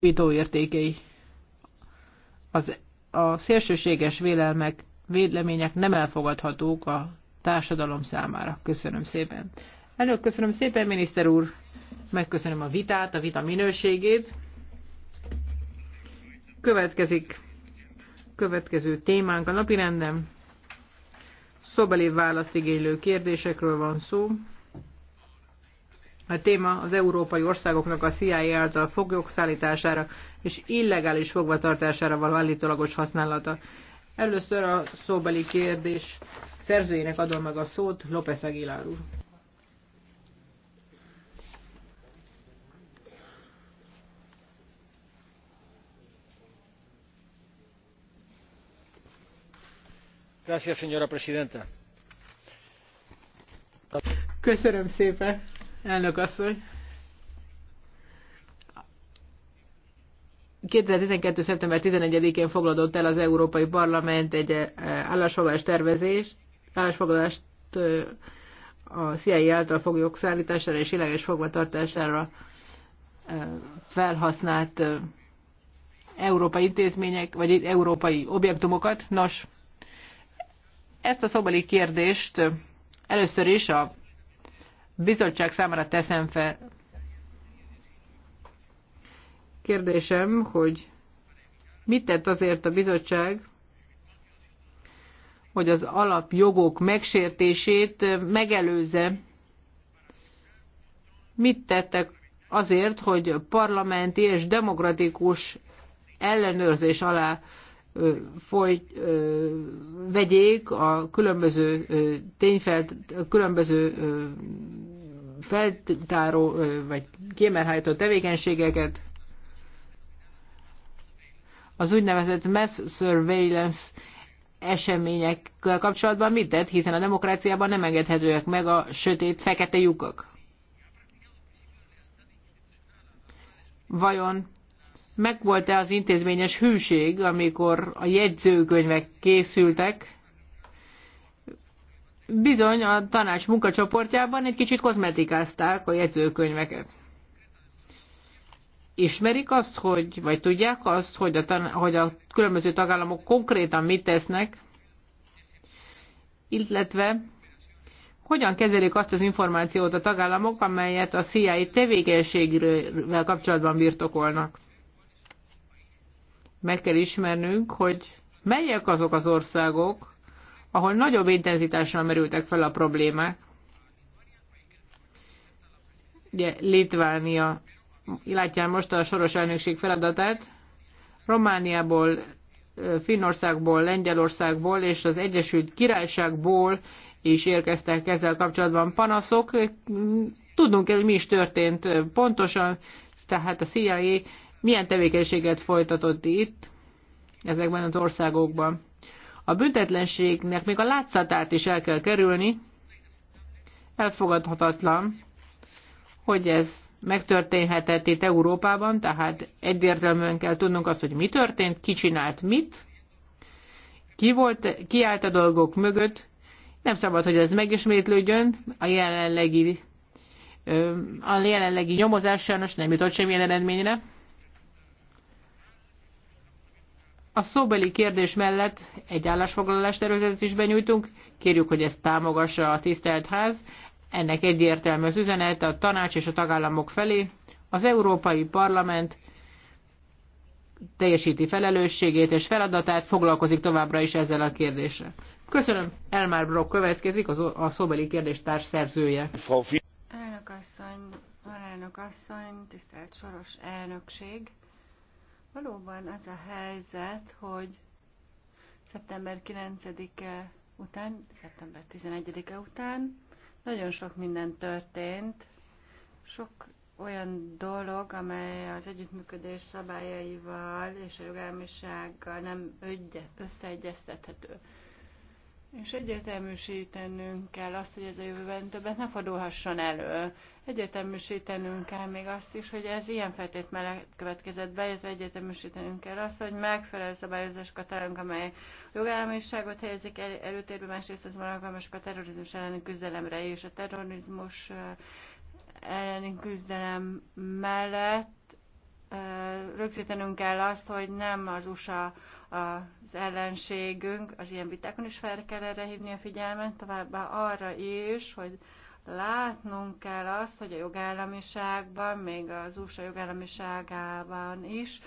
értékei. Az, a szélsőséges vélelmek, vélemények nem elfogadhatók a társadalom számára. Köszönöm szépen. Elnök, köszönöm szépen, miniszter úr. Megköszönöm a vitát, a vita minőségét. Következik következő témánk a napirendem. Szobeli választigénylő kérdésekről van szó. A téma az európai országoknak a CIA által foglyok szállítására és illegális fogvatartására való állítólagos használata. Először a szóbeli kérdés szerzőjének adom meg a szót, López Aguilar úr. Gracias, señora presidenta. Köszönöm szépen. Elnök asszony. 2012. szeptember 11-én foglalott el az Európai Parlament egy eh, állásfoglalás tervezést, állásfoglalást eh, a CIA által foglyok szállítására és illegális fogvatartására eh, felhasznált európai intézmények, vagy európai objektumokat. Nos, ezt a szobali kérdést először is a bizottság számára teszem fel. Kérdésem, hogy mit tett azért a bizottság, hogy az alapjogok megsértését megelőzze? Mit tettek azért, hogy parlamenti és demokratikus ellenőrzés alá folyt vegyék a különböző tényfelt, a különböző feltáró vagy kiemelhajtó tevékenységeket. Az úgynevezett mass surveillance eseményekkel kapcsolatban mit tett, hiszen a demokráciában nem engedhetőek meg a sötét, fekete lyukak. Vajon megvolt-e az intézményes hűség, amikor a jegyzőkönyvek készültek. Bizony a tanács munkacsoportjában egy kicsit kozmetikázták a jegyzőkönyveket. Ismerik azt, hogy, vagy tudják azt, hogy a, tan- hogy a különböző tagállamok konkrétan mit tesznek, illetve hogyan kezelik azt az információt a tagállamok, amelyet a CIA tevékenységével kapcsolatban birtokolnak meg kell ismernünk, hogy melyek azok az országok, ahol nagyobb intenzitással merültek fel a problémák. Ugye Litvánia, látják most a soros elnökség feladatát, Romániából, Finnországból, Lengyelországból és az Egyesült Királyságból is érkeztek ezzel kapcsolatban panaszok. Tudnunk kell, hogy mi is történt pontosan, tehát a CIA milyen tevékenységet folytatott itt, ezekben az országokban. A büntetlenségnek még a látszatát is el kell kerülni. Elfogadhatatlan, hogy ez megtörténhetett itt Európában, tehát egyértelműen kell tudnunk azt, hogy mi történt, ki csinált mit, ki, volt, ki állt a dolgok mögött. Nem szabad, hogy ez megismétlődjön. A jelenlegi, a jelenlegi nyomozás sajnos nem jutott semmilyen eredményre. A szóbeli kérdés mellett egy állásfoglalás tervezetet is benyújtunk, kérjük, hogy ezt támogassa a tisztelt ház. Ennek egyértelmű az üzenet a tanács és a tagállamok felé. Az Európai Parlament teljesíti felelősségét és feladatát, foglalkozik továbbra is ezzel a kérdéssel. Köszönöm. Elmar Brock következik, a szóbeli kérdés társszerzője. Elnök asszony, alelnök asszony, tisztelt soros elnökség. Valóban az a helyzet, hogy szeptember 9-e után, szeptember 11-e után nagyon sok minden történt, sok olyan dolog, amely az együttműködés szabályaival és a jogállamisággal nem összeegyeztethető. És egyértelműsítenünk kell azt, hogy ez a jövőben többet ne fordulhasson elő. Egyértelműsítenünk kell még azt is, hogy ez ilyen feltétmelek következett be, illetve egyértelműsítenünk kell azt, hogy megfelelő szabályozásokat találunk, amely jogállamiságot helyezik el, előtérbe, másrészt az van alkalmasak a terrorizmus elleni küzdelemre és a terrorizmus eh, elleni küzdelem mellett rögzítenünk kell azt, hogy nem az USA az ellenségünk, az ilyen vitákon is fel kell erre hívni a figyelmet, továbbá arra is, hogy látnunk kell azt, hogy a jogállamiságban, még az USA jogállamiságában is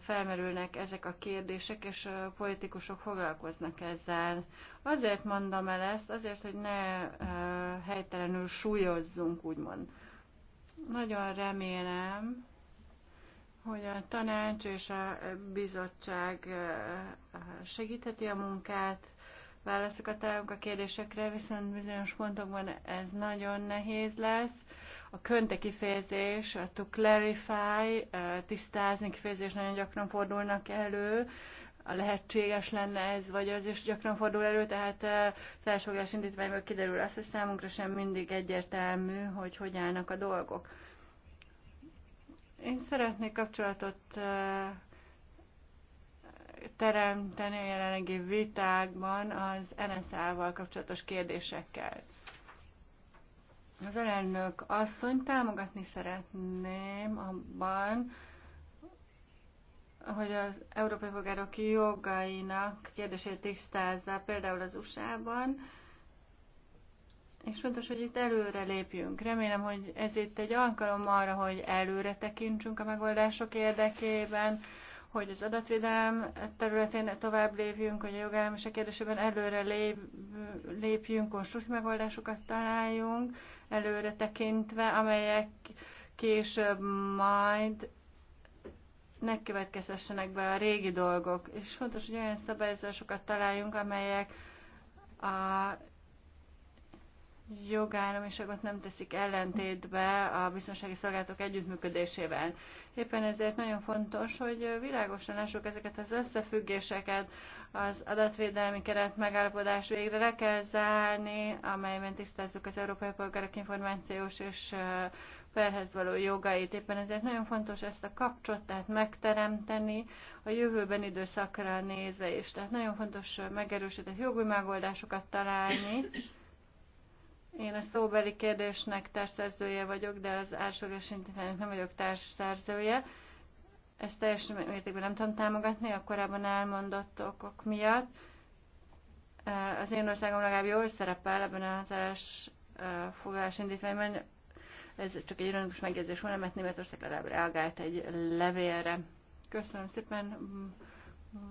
felmerülnek ezek a kérdések, és a politikusok foglalkoznak ezzel. Azért mondom el ezt, azért, hogy ne helytelenül súlyozzunk, úgymond. Nagyon remélem, hogy a tanács és a bizottság segítheti a munkát, válaszokat találunk a kérdésekre, viszont bizonyos pontokban ez nagyon nehéz lesz. A könte kifejezés, a to clarify, tisztázni kifejezés nagyon gyakran fordulnak elő, a lehetséges lenne ez, vagy az is gyakran fordul elő, tehát felsoglás indítványból kiderül az, hogy számunkra sem mindig egyértelmű, hogy hogy állnak a dolgok. Én szeretnék kapcsolatot eh, teremteni a jelenlegi vitákban az NSZ-val kapcsolatos kérdésekkel. Az elnök asszony támogatni szeretném abban, hogy az európai polgárok jogainak kérdését tisztázza például az USA-ban, és fontos, hogy itt előre lépjünk. Remélem, hogy ez itt egy alkalom arra, hogy előre tekintsünk a megoldások érdekében, hogy az adatvédelem területén tovább lépjünk, hogy a jogállamiság kérdésében előre lép, lépjünk, konstruktív megoldásokat találjunk, előre tekintve, amelyek később majd ne következhessenek be a régi dolgok. És fontos, hogy olyan szabályozásokat találjunk, amelyek a jogállamiságot nem teszik ellentétbe a biztonsági szolgálatok együttműködésével. Éppen ezért nagyon fontos, hogy világosan lássuk ezeket az összefüggéseket, az adatvédelmi keret megállapodás végre le kell zárni, amelyben tisztázzuk az európai polgárok információs és perhez való jogait. Éppen ezért nagyon fontos ezt a kapcsot, tehát megteremteni a jövőben időszakra nézve is. Tehát nagyon fontos megerősített jogi megoldásokat találni, én a szóbeli kérdésnek társszerzője vagyok, de az első intézménynek nem vagyok társszerzője. Ezt teljes mértékben nem tudom támogatni a korábban elmondott okok miatt. Eh, az én országom legalább jól szerepel ebben az állásfoglalás eh, indítványban. Ez csak egy ironikus megjegyzés volna, mert Németország legalább reagált egy levélre. Köszönöm szépen,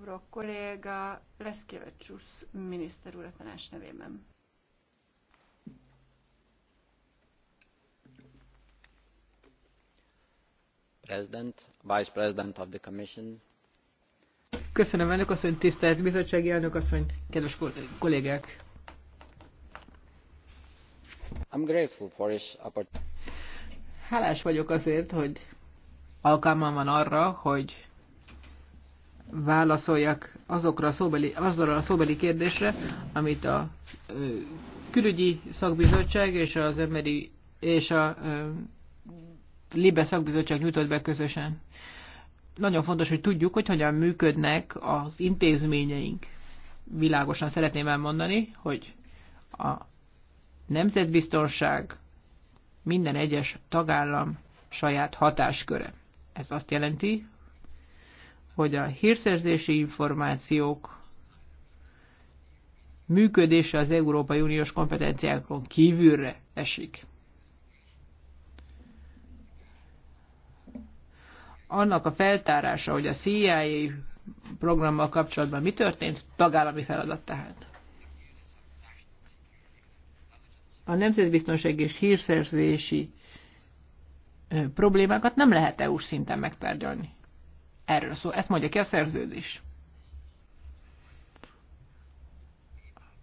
Brock kolléga, Leszkiewicz miniszter úr a tanács nevében. köszönöm elnök asszony tisztelt bizottsági elnök asszony kedves kollégák I'm grateful for this hálás vagyok azért hogy alkalmam van arra hogy válaszoljak azokra a szóbeli, azokra a szóbeli kérdésre amit a külügyi szakbizottság és az emberi és a Libe szakbizottság nyújtott be közösen. Nagyon fontos, hogy tudjuk, hogy hogyan működnek az intézményeink. Világosan szeretném elmondani, hogy a nemzetbiztonság minden egyes tagállam saját hatásköre. Ez azt jelenti, hogy a hírszerzési információk működése az Európai Uniós kompetenciákon kívülre esik. annak a feltárása, hogy a CIA programmal kapcsolatban mi történt, tagállami feladat tehát. A nemzetbiztonság és hírszerzési problémákat nem lehet EU-s szinten megtárgyalni. Erről szó, ezt mondja ki a szerződés.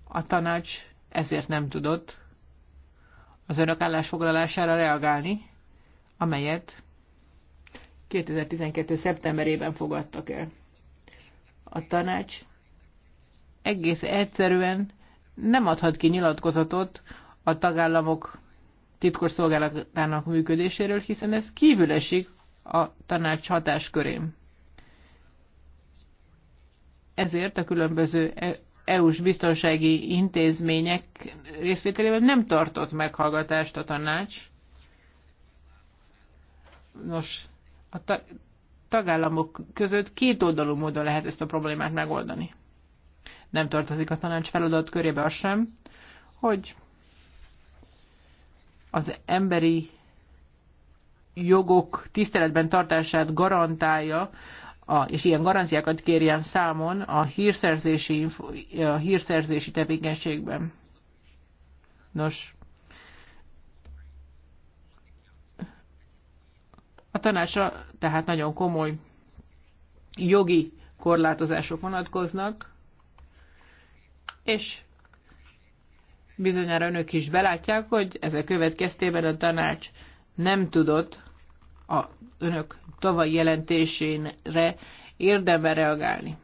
A tanács ezért nem tudott az önök állásfoglalására reagálni, amelyet 2012. szeptemberében fogadtak el. A tanács egész egyszerűen nem adhat ki nyilatkozatot a tagállamok titkos szolgálatának működéséről, hiszen ez kívül esik a tanács hatáskörén. Ezért a különböző e- EU-s biztonsági intézmények részvételével nem tartott meghallgatást a tanács. Nos, a tagállamok között kétoldalú módon lehet ezt a problémát megoldani. Nem tartozik a tanács feladat körébe az sem, hogy az emberi jogok tiszteletben tartását garantálja, a, és ilyen garanciákat kérjen számon a hírszerzési, a hírszerzési tevékenységben. Nos, tanácsra tehát nagyon komoly jogi korlátozások vonatkoznak, és bizonyára önök is belátják, hogy ezek következtében a tanács nem tudott a önök tavaly jelentésére érdemben reagálni.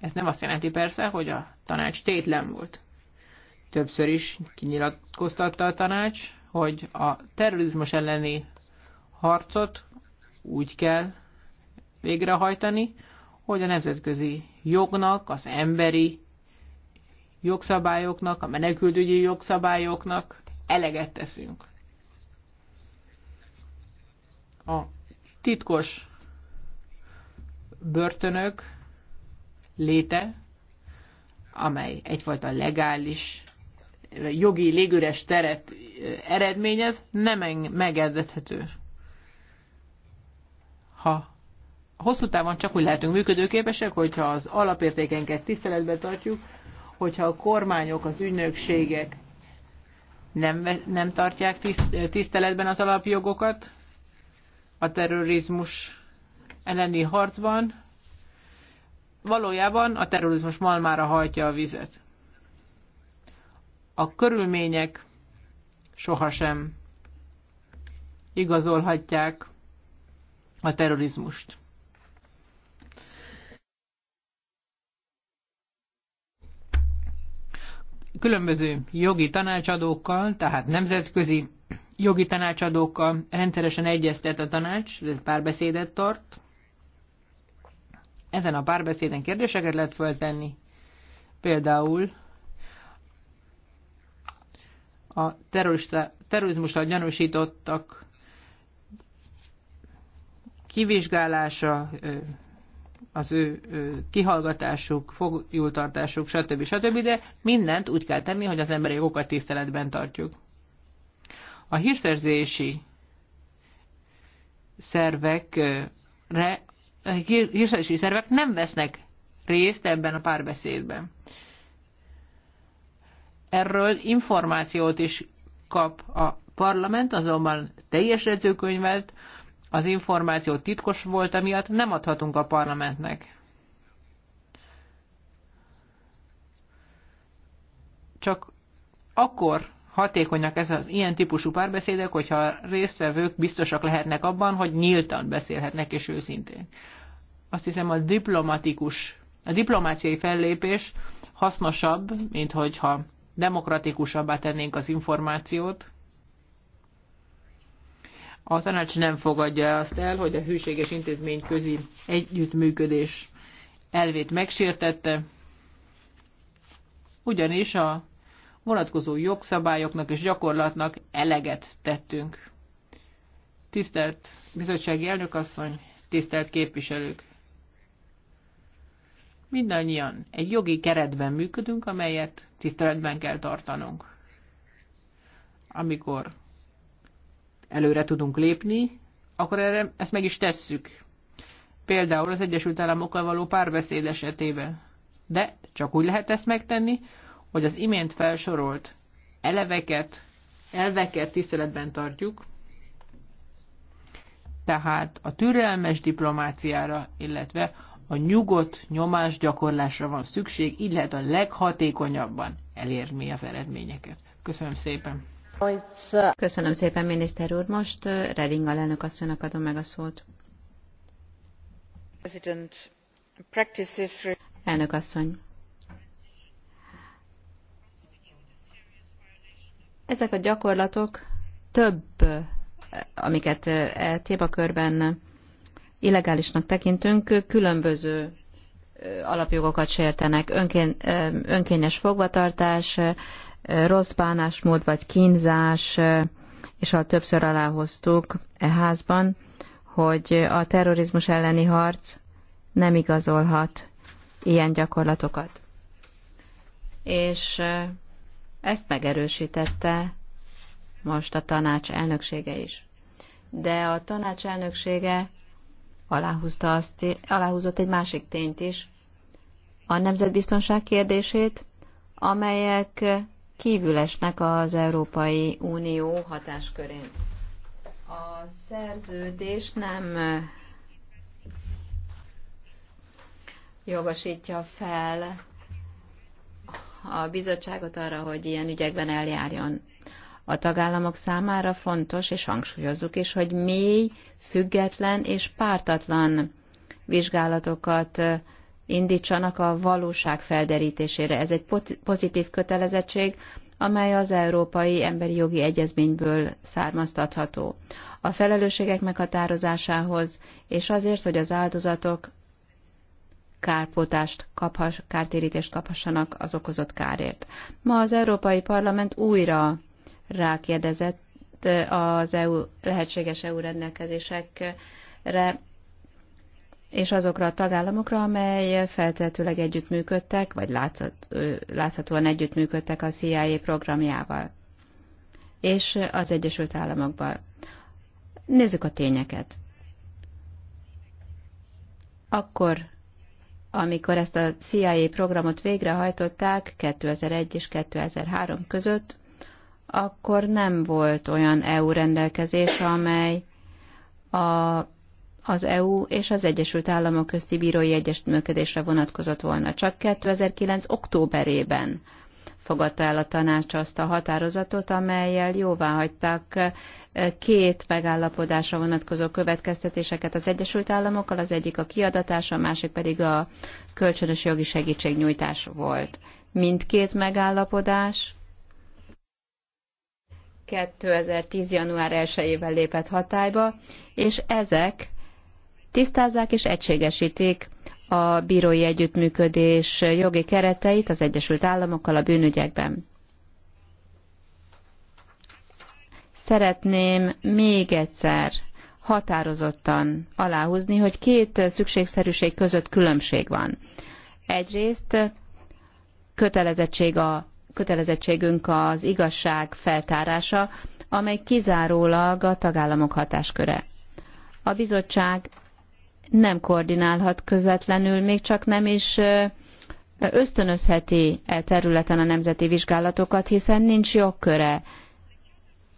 Ez nem azt jelenti persze, hogy a tanács tétlen volt. Többször is kinyilatkoztatta a tanács, hogy a terrorizmus elleni harcot úgy kell végrehajtani, hogy a nemzetközi jognak, az emberi jogszabályoknak, a menekültügyi jogszabályoknak eleget teszünk. A titkos börtönök léte, amely egyfajta legális, jogi légüres teret eh, eredményez, nem engedhető ha hosszú távon csak úgy lehetünk működőképesek, hogyha az alapértékenket tiszteletbe tartjuk, hogyha a kormányok, az ügynökségek nem, nem tartják tiszteletben az alapjogokat a terrorizmus elleni harcban, valójában a terrorizmus malmára hajtja a vizet. A körülmények sohasem igazolhatják a terrorizmust. Különböző jogi tanácsadókkal, tehát nemzetközi jogi tanácsadókkal rendszeresen egyeztet a tanács, párbeszédet tart. Ezen a párbeszéden kérdéseket lehet föltenni, például a terrorista, terrorizmusra gyanúsítottak kivizsgálása, az ő kihallgatásuk, fogjultartásuk, stb. stb. De mindent úgy kell tenni, hogy az emberi jogokat tiszteletben tartjuk. A hírszerzési szervekre, hírszerzési szervek nem vesznek részt ebben a párbeszédben. Erről információt is kap a parlament, azonban teljes jegyzőkönyvet, az információ titkos volt, amiatt, nem adhatunk a parlamentnek. Csak akkor hatékonyak ez az ilyen típusú párbeszédek, hogyha résztvevők biztosak lehetnek abban, hogy nyíltan beszélhetnek és őszintén. Azt hiszem a diplomatikus, a diplomáciai fellépés hasznosabb, mint hogyha demokratikusabbá tennénk az információt, a tanács nem fogadja azt el, hogy a hűséges intézmény közi együttműködés elvét megsértette, ugyanis a vonatkozó jogszabályoknak és gyakorlatnak eleget tettünk. Tisztelt bizottsági elnökasszony, tisztelt képviselők! Mindannyian egy jogi keretben működünk, amelyet tiszteletben kell tartanunk. Amikor előre tudunk lépni, akkor erre ezt meg is tesszük. Például az Egyesült Államokkal való párbeszéd esetében. De csak úgy lehet ezt megtenni, hogy az imént felsorolt eleveket, elveket tiszteletben tartjuk, tehát a türelmes diplomáciára, illetve a nyugodt gyakorlásra van szükség, így lehet a leghatékonyabban elérni az eredményeket. Köszönöm szépen! Köszönöm szépen, miniszter úr. Most Reding alelnök asszonynak adom meg a szót. Elnök asszony. Ezek a gyakorlatok több, amiket e témakörben illegálisnak tekintünk, különböző alapjogokat sértenek. Önkén, önkényes fogvatartás, rossz bánásmód vagy kínzás, és a többször aláhoztuk e házban, hogy a terrorizmus elleni harc nem igazolhat ilyen gyakorlatokat. És ezt megerősítette most a tanács elnöksége is. De a tanács elnöksége aláhúzta azt, aláhúzott egy másik tényt is, a nemzetbiztonság kérdését, amelyek kívülesnek az Európai Unió hatáskörén. A szerződés nem jogosítja fel a bizottságot arra, hogy ilyen ügyekben eljárjon. A tagállamok számára fontos, és hangsúlyozzuk is, hogy mély, független és pártatlan vizsgálatokat indítsanak a valóság felderítésére. Ez egy pozitív kötelezettség, amely az Európai Emberi Jogi Egyezményből származtatható. A felelősségek meghatározásához és azért, hogy az áldozatok kárpótást kaphass, kártérítést kaphassanak az okozott kárért. Ma az Európai Parlament újra rákérdezett az EU, lehetséges EU rendelkezésekre és azokra a tagállamokra, amely feltétlenül együttműködtek, vagy látszat, láthatóan együttműködtek a CIA programjával, és az Egyesült Államokban. Nézzük a tényeket. Akkor, amikor ezt a CIA programot végrehajtották 2001 és 2003 között, akkor nem volt olyan EU rendelkezés, amely a az EU és az Egyesült Államok közti bírói egyesműködésre vonatkozott volna. Csak 2009. októberében fogadta el a tanács azt a határozatot, amelyel jóvá hagyták eh, két megállapodásra vonatkozó következtetéseket az Egyesült Államokkal, az egyik a kiadatás, a másik pedig a kölcsönös jogi segítségnyújtás volt. Mindkét megállapodás 2010. január 1-ével lépett hatályba, és ezek tisztázzák és egységesítik a bírói együttműködés jogi kereteit az Egyesült Államokkal a bűnügyekben. Szeretném még egyszer határozottan aláhúzni, hogy két szükségszerűség között különbség van. Egyrészt kötelezettség a, kötelezettségünk az igazság feltárása, amely kizárólag a tagállamok hatásköre. A bizottság nem koordinálhat közvetlenül, még csak nem is ösztönözheti el területen a nemzeti vizsgálatokat, hiszen nincs jogköre.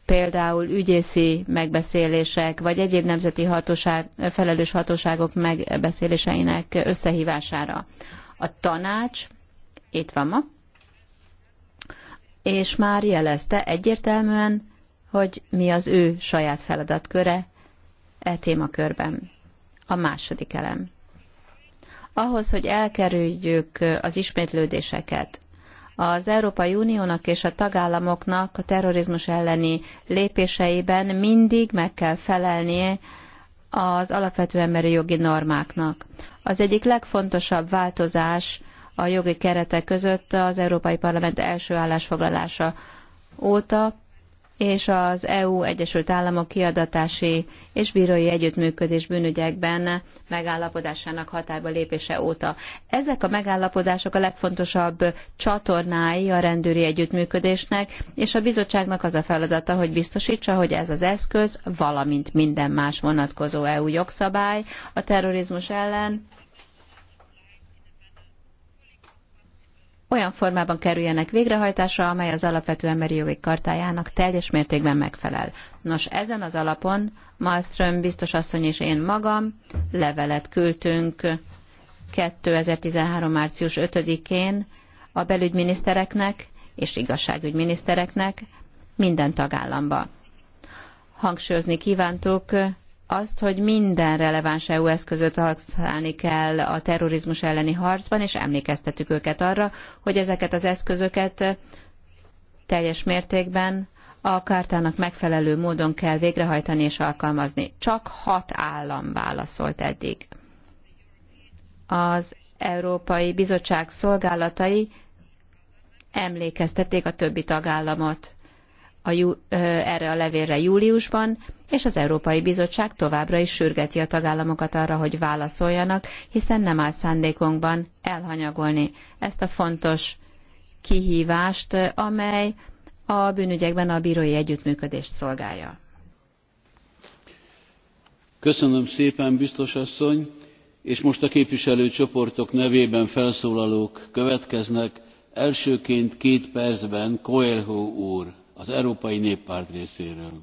Például ügyészi megbeszélések, vagy egyéb nemzeti hatóság, felelős hatóságok megbeszéléseinek összehívására. A tanács itt van ma, és már jelezte egyértelműen, hogy mi az ő saját feladatköre e témakörben. A második elem. Ahhoz, hogy elkerüljük az ismétlődéseket, az Európai Uniónak és a tagállamoknak a terrorizmus elleni lépéseiben mindig meg kell felelnie az alapvető emberi jogi normáknak. Az egyik legfontosabb változás a jogi keretek között az Európai Parlament első állásfoglalása óta és az EU Egyesült Államok kiadatási és bírói együttműködés bűnügyekben megállapodásának hatályba lépése óta. Ezek a megállapodások a legfontosabb csatornái a rendőri együttműködésnek, és a bizottságnak az a feladata, hogy biztosítsa, hogy ez az eszköz, valamint minden más vonatkozó EU jogszabály a terrorizmus ellen olyan formában kerüljenek végrehajtásra, amely az alapvető emberi jogi kartájának teljes mértékben megfelel. Nos, ezen az alapon Malmström biztos asszony és én magam levelet küldtünk 2013. március 5-én a belügyminisztereknek és igazságügyminisztereknek minden tagállamba. Hangsúlyozni kívántuk azt, hogy minden releváns EU eszközöt használni kell a terrorizmus elleni harcban, és emlékeztetük őket arra, hogy ezeket az eszközöket teljes mértékben a kártának megfelelő módon kell végrehajtani és alkalmazni. Csak hat állam válaszolt eddig. Az Európai Bizottság szolgálatai emlékeztették a többi tagállamot a jú, erre a levélre júliusban, és az Európai Bizottság továbbra is sürgeti a tagállamokat arra, hogy válaszoljanak, hiszen nem áll szándékunkban elhanyagolni ezt a fontos kihívást, amely a bűnügyekben a bírói együttműködést szolgálja. Köszönöm szépen, biztos asszony, és most a képviselőcsoportok nevében felszólalók következnek. Elsőként két percben Koelho úr az európai néppárt részéről.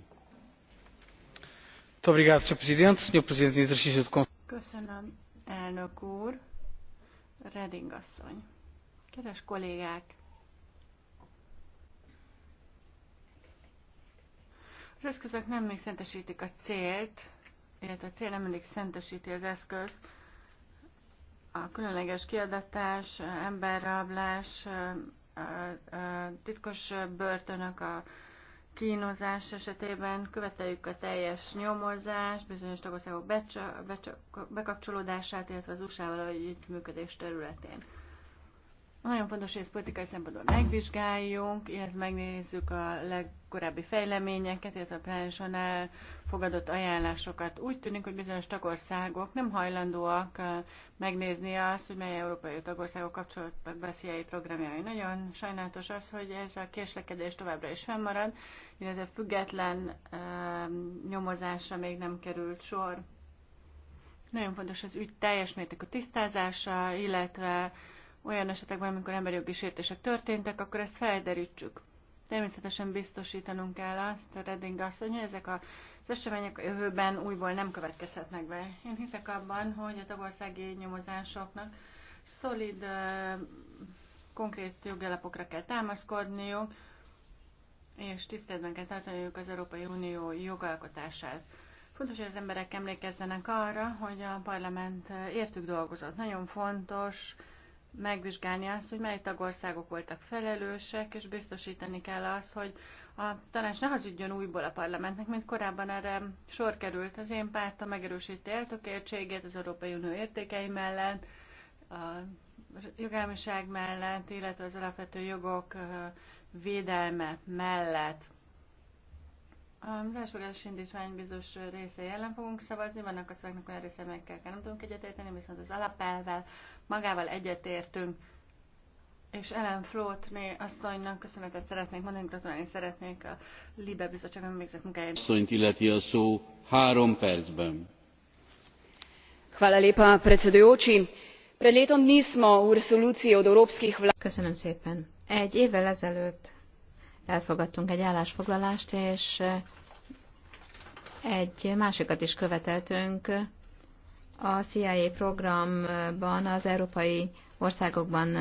Köszönöm, elnök úr. Reding asszony. Kedves kollégák! Az eszközök nem még szentesítik a célt, illetve a cél nem mindig szentesíti az eszközt. A különleges kiadatás, emberrablás, a titkos börtönök, a kínozás esetében követeljük a teljes nyomozást, bizonyos tagországok becsa, becsa, bekapcsolódását, illetve az USA-val együttműködés területén. Nagyon fontos, hogy ezt politikai szempontból megvizsgáljunk, illetve megnézzük a legkorábbi fejleményeket, illetve a plenárison elfogadott ajánlásokat. Úgy tűnik, hogy bizonyos tagországok nem hajlandóak eh, megnézni azt, hogy mely európai tagországok kapcsolódtak be a CIA programjai. Nagyon sajnálatos az, hogy ez a késlekedés továbbra is fennmarad, illetve független eh, nyomozásra még nem került sor. Nagyon fontos az ügy teljes mértékű tisztázása, illetve olyan esetekben, amikor emberi jogi sértések történtek, akkor ezt felderítsük. Természetesen biztosítanunk kell azt, Redding mondja, hogy ezek az események a jövőben újból nem következhetnek be. Én hiszek abban, hogy a tagországi nyomozásoknak szolid, konkrét jogalapokra kell támaszkodniuk, és tiszteletben kell tartaniuk az Európai Unió jogalkotását. Fontos, hogy az emberek emlékezzenek arra, hogy a parlament értük dolgozott. Nagyon fontos, megvizsgálni azt, hogy mely tagországok voltak felelősek, és biztosítani kell azt, hogy a tanács ne hazudjon újból a parlamentnek, mint korábban erre sor került. Az én pártom megerősíti eltökéltségét az Európai Unió értékei mellett, a jogállamiság mellett, illetve az alapvető jogok védelme mellett. Az elsőgás indítvány bizonyos részei ellen fogunk szavazni, vannak a szaknak olyan része, amelyekkel nem tudunk egyetérteni, viszont az alapelvel, magával egyetértünk. És Ellen Flótné asszonynak köszönetet szeretnék mondani, gratulálni szeretnék a Libe Bizottságon végzett munkáért. Asszonyt illeti a szó három percben. Hvala lepa, predsedujoči. Pred letom dni smo v resoluciji od evropskih vlad. Köszönöm szépen. Egy évvel ezelőtt elfogadtunk egy állásfoglalást, és egy másikat is követeltünk a CIA programban az európai országokban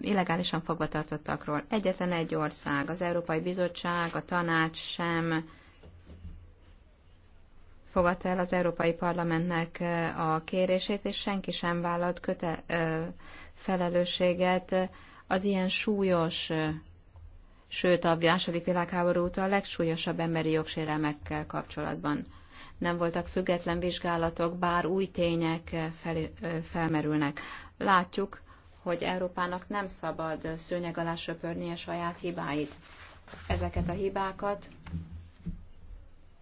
illegálisan fogvatartottakról. Egyetlen egy ország, az Európai Bizottság, a tanács sem fogadta el az Európai Parlamentnek a kérését, és senki sem vállalt köte, felelősséget az ilyen súlyos, sőt a második világháború óta a legsúlyosabb emberi jogsérelmekkel kapcsolatban nem voltak független vizsgálatok, bár új tények fel, felmerülnek. Látjuk, hogy Európának nem szabad szőnyeg alá söpörnie saját hibáit. Ezeket a hibákat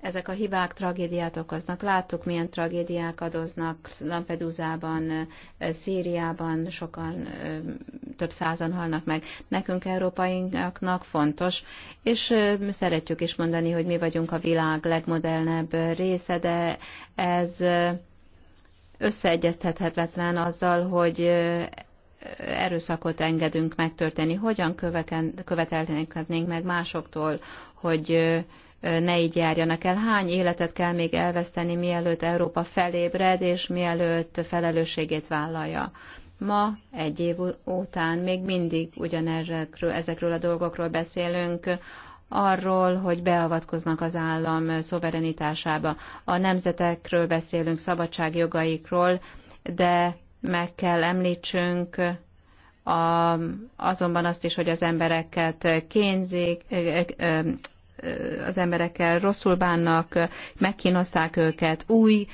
ezek a hibák tragédiát okoznak. Láttuk, milyen tragédiák adoznak Lampedusában, Szíriában, sokan több százan halnak meg. Nekünk, európainknak fontos, és szeretjük is mondani, hogy mi vagyunk a világ legmodernebb része, de ez összeegyeztethetetlen azzal, hogy erőszakot engedünk megtörténni. Hogyan követelnénk meg másoktól, hogy ne így járjanak el. Hány életet kell még elveszteni, mielőtt Európa felébred, és mielőtt felelősségét vállalja? Ma, egy év után még mindig ugyanezekről ezekről a dolgokról beszélünk, arról, hogy beavatkoznak az állam szuverenitásába. A nemzetekről beszélünk, szabadságjogaikról, de meg kell említsünk a, azonban azt is, hogy az embereket kénzik, az emberekkel rosszul bánnak, megkínozták őket, új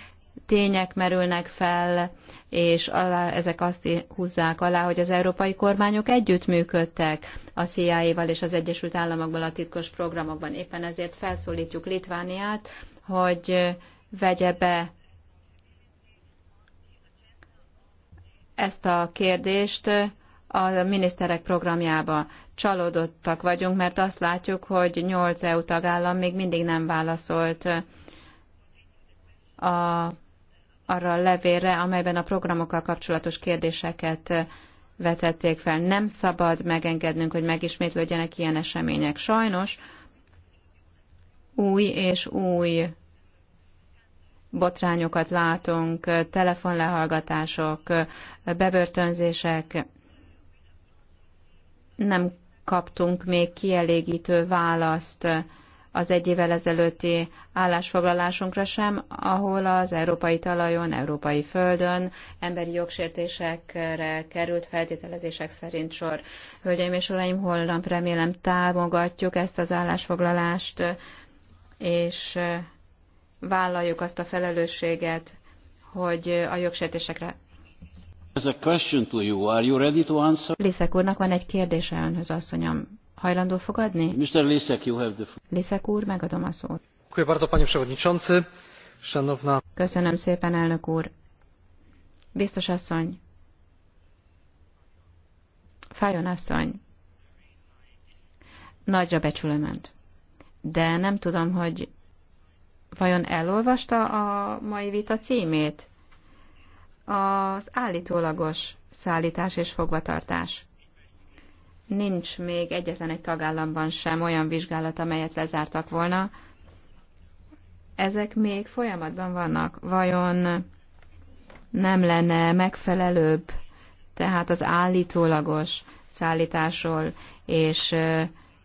tények merülnek fel, és alá, ezek azt húzzák alá, hogy az európai kormányok együttműködtek a CIA-val és az Egyesült Államokban a titkos programokban. Éppen ezért felszólítjuk Litvániát, hogy vegye be ezt a kérdést, a miniszterek programjába. Csalódottak vagyunk, mert azt látjuk, hogy 8 EU tagállam még mindig nem válaszolt a, arra a levélre, amelyben a programokkal kapcsolatos kérdéseket vetették fel. Nem szabad megengednünk, hogy megismétlődjenek ilyen események. Sajnos új és új botrányokat látunk, telefonlehallgatások, bebörtönzések, nem kaptunk még kielégítő választ az egy évvel ezelőtti állásfoglalásunkra sem, ahol az európai talajon, európai földön emberi jogsértésekre került feltételezések szerint sor. Hölgyeim és uraim, holnap remélem támogatjuk ezt az állásfoglalást, és vállaljuk azt a felelősséget, hogy a jogsértésekre Liszek úrnak van egy kérdése önhöz, asszonyom. Hajlandó fogadni? Mr. Liszek, you have the... Liszek úr, megadom a szót. Köszönöm szépen, elnök úr. Biztos asszony. Fájon asszony. Nagyra becsülöm önt. De nem tudom, hogy vajon elolvasta a mai vita címét? az állítólagos szállítás és fogvatartás. Nincs még egyetlen egy tagállamban sem olyan vizsgálat, amelyet lezártak volna. Ezek még folyamatban vannak. Vajon nem lenne megfelelőbb, tehát az állítólagos szállításról és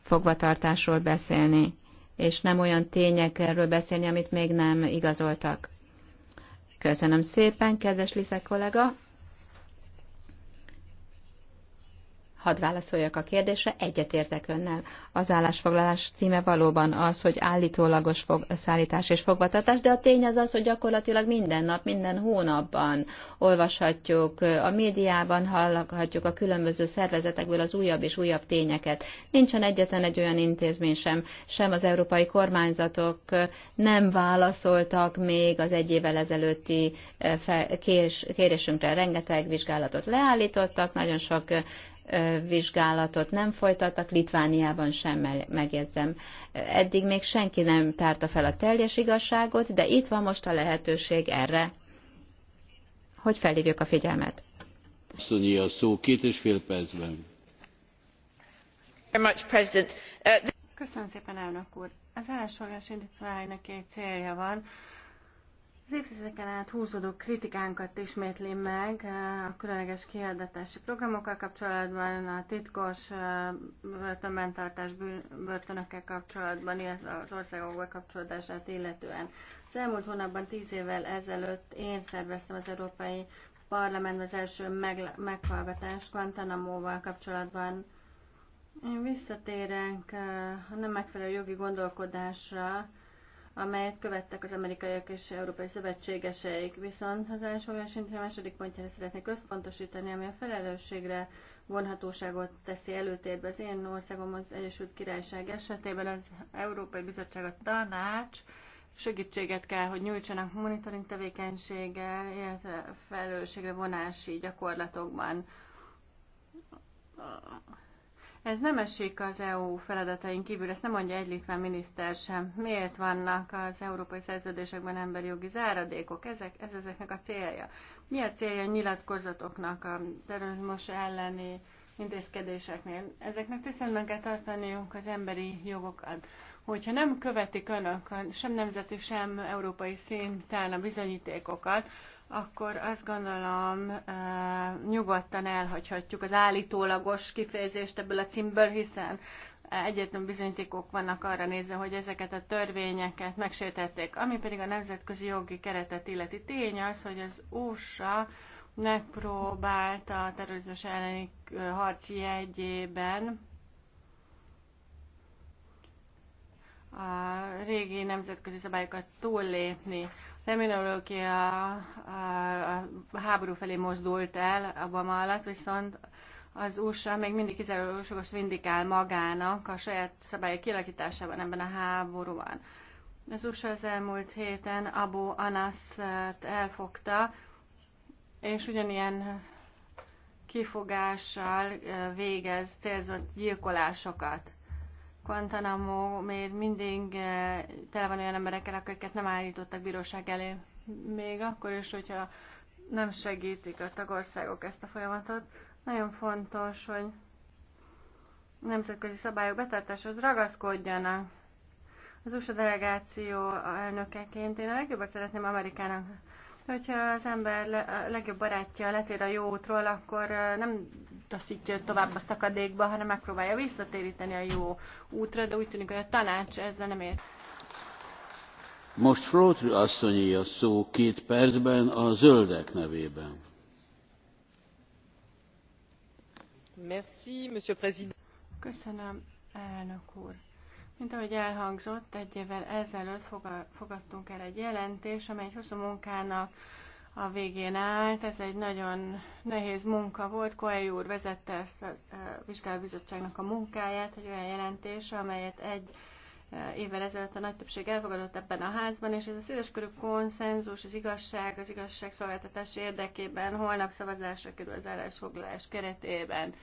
fogvatartásról beszélni, és nem olyan tényekről beszélni, amit még nem igazoltak. Köszönöm szépen, kedves Lisze kollega. Hadd válaszoljak a kérdésre, egyetértek önnel. Az állásfoglalás címe valóban az, hogy állítólagos fog, szállítás és fogvatartás, de a tény az az, hogy gyakorlatilag minden nap, minden hónapban olvashatjuk, a médiában hallhatjuk a különböző szervezetekből az újabb és újabb tényeket. Nincsen egyetlen egy olyan intézmény sem, sem az európai kormányzatok nem válaszoltak még az egy évvel ezelőtti eh, kérésünkre. Rengeteg vizsgálatot leállítottak, nagyon sok eh, vizsgálatot nem folytattak, Litvániában sem megjegyzem. Eddig még senki nem tárta fel a teljes igazságot, de itt van most a lehetőség erre, hogy felhívjuk a figyelmet. Szonyi a szó két és fél percben. Uh, Köszönöm szépen, elnök úr. Az állásfoglalás indítványnak egy célja van az évtizedeken át húzódó kritikánkat ismétli meg eh, a különleges kiadatási programokkal kapcsolatban, a titkos eh, börtönbentartás börtönökkel kapcsolatban, illetve az országok kapcsolódását illetően. Az elmúlt hónapban, tíz évvel ezelőtt én szerveztem az Európai Parlament az első meghallgatást Guantanamo-val kapcsolatban. Én visszatérek eh, a nem megfelelő jogi gondolkodásra, amelyet követtek az amerikaiak és európai szövetségeseik. Viszont az elsőgás a második pontjára szeretnék összpontosítani, ami a felelősségre vonhatóságot teszi előtérbe. Az én országom az Egyesült Királyság esetében az Európai Bizottság a tanács segítséget kell, hogy nyújtsanak monitoring tevékenységgel, illetve felelősségre vonási gyakorlatokban ez nem esik az EU feladataink kívül, ezt nem mondja egy litván miniszter sem. Miért vannak az európai szerződésekben emberi jogi záradékok? Ezek, ez ezeknek a célja. Mi a célja a nyilatkozatoknak a terrorizmus elleni intézkedéseknél? Ezeknek tiszteletben kell tartaniunk az emberi jogokat hogyha nem követik önök sem nemzeti, sem európai szinten a bizonyítékokat, akkor azt gondolom eh, nyugodtan elhagyhatjuk az állítólagos kifejezést ebből a címből, hiszen egyetlen bizonyítékok vannak arra nézve, hogy ezeket a törvényeket megsértették. Ami pedig a nemzetközi jogi keretet illeti tény az, hogy az USA megpróbálta a terrorizmus elleni eh, harci jegyében a régi nemzetközi szabályokat túllépni. A terminológia a, a háború felé mozdult el Obama alatt, viszont az USA még mindig kizárólag vindikál magának a saját szabályok kialakításában ebben a háborúban. Az USA az elmúlt héten Abu anas elfogta, és ugyanilyen kifogással végez célzott gyilkolásokat. Guantanamo még mindig eh, tele van olyan emberekkel, akiket nem állítottak bíróság elé. Még akkor is, hogyha nem segítik a tagországok ezt a folyamatot, nagyon fontos, hogy nemzetközi szabályok betartáshoz ragaszkodjanak. Az USA delegáció elnökeként én a legjobbat szeretném Amerikának Hogyha az ember le, a legjobb barátja letér a jó útról, akkor nem taszítja tovább a szakadékba, hanem megpróbálja visszatéríteni a jó útra, de úgy tűnik, hogy a tanács ezzel nem ért. Most Frótr asszonyi a szó két percben a zöldek nevében. Merci, Monsieur Président. Köszönöm, elnök úr. Mint ahogy elhangzott, egy évvel ezelőtt fogadtunk el egy jelentés, amely egy hosszú munkának a végén állt. Ez egy nagyon nehéz munka volt. Koei úr vezette ezt a vizsgálóbizottságnak a munkáját, egy olyan jelentés, amelyet egy e, évvel ezelőtt a nagy többség elfogadott ebben a házban, és ez a széleskörű konszenzus, az igazság, az igazságszolgáltatás érdekében holnap szavazásra kerül az állásfoglalás keretében.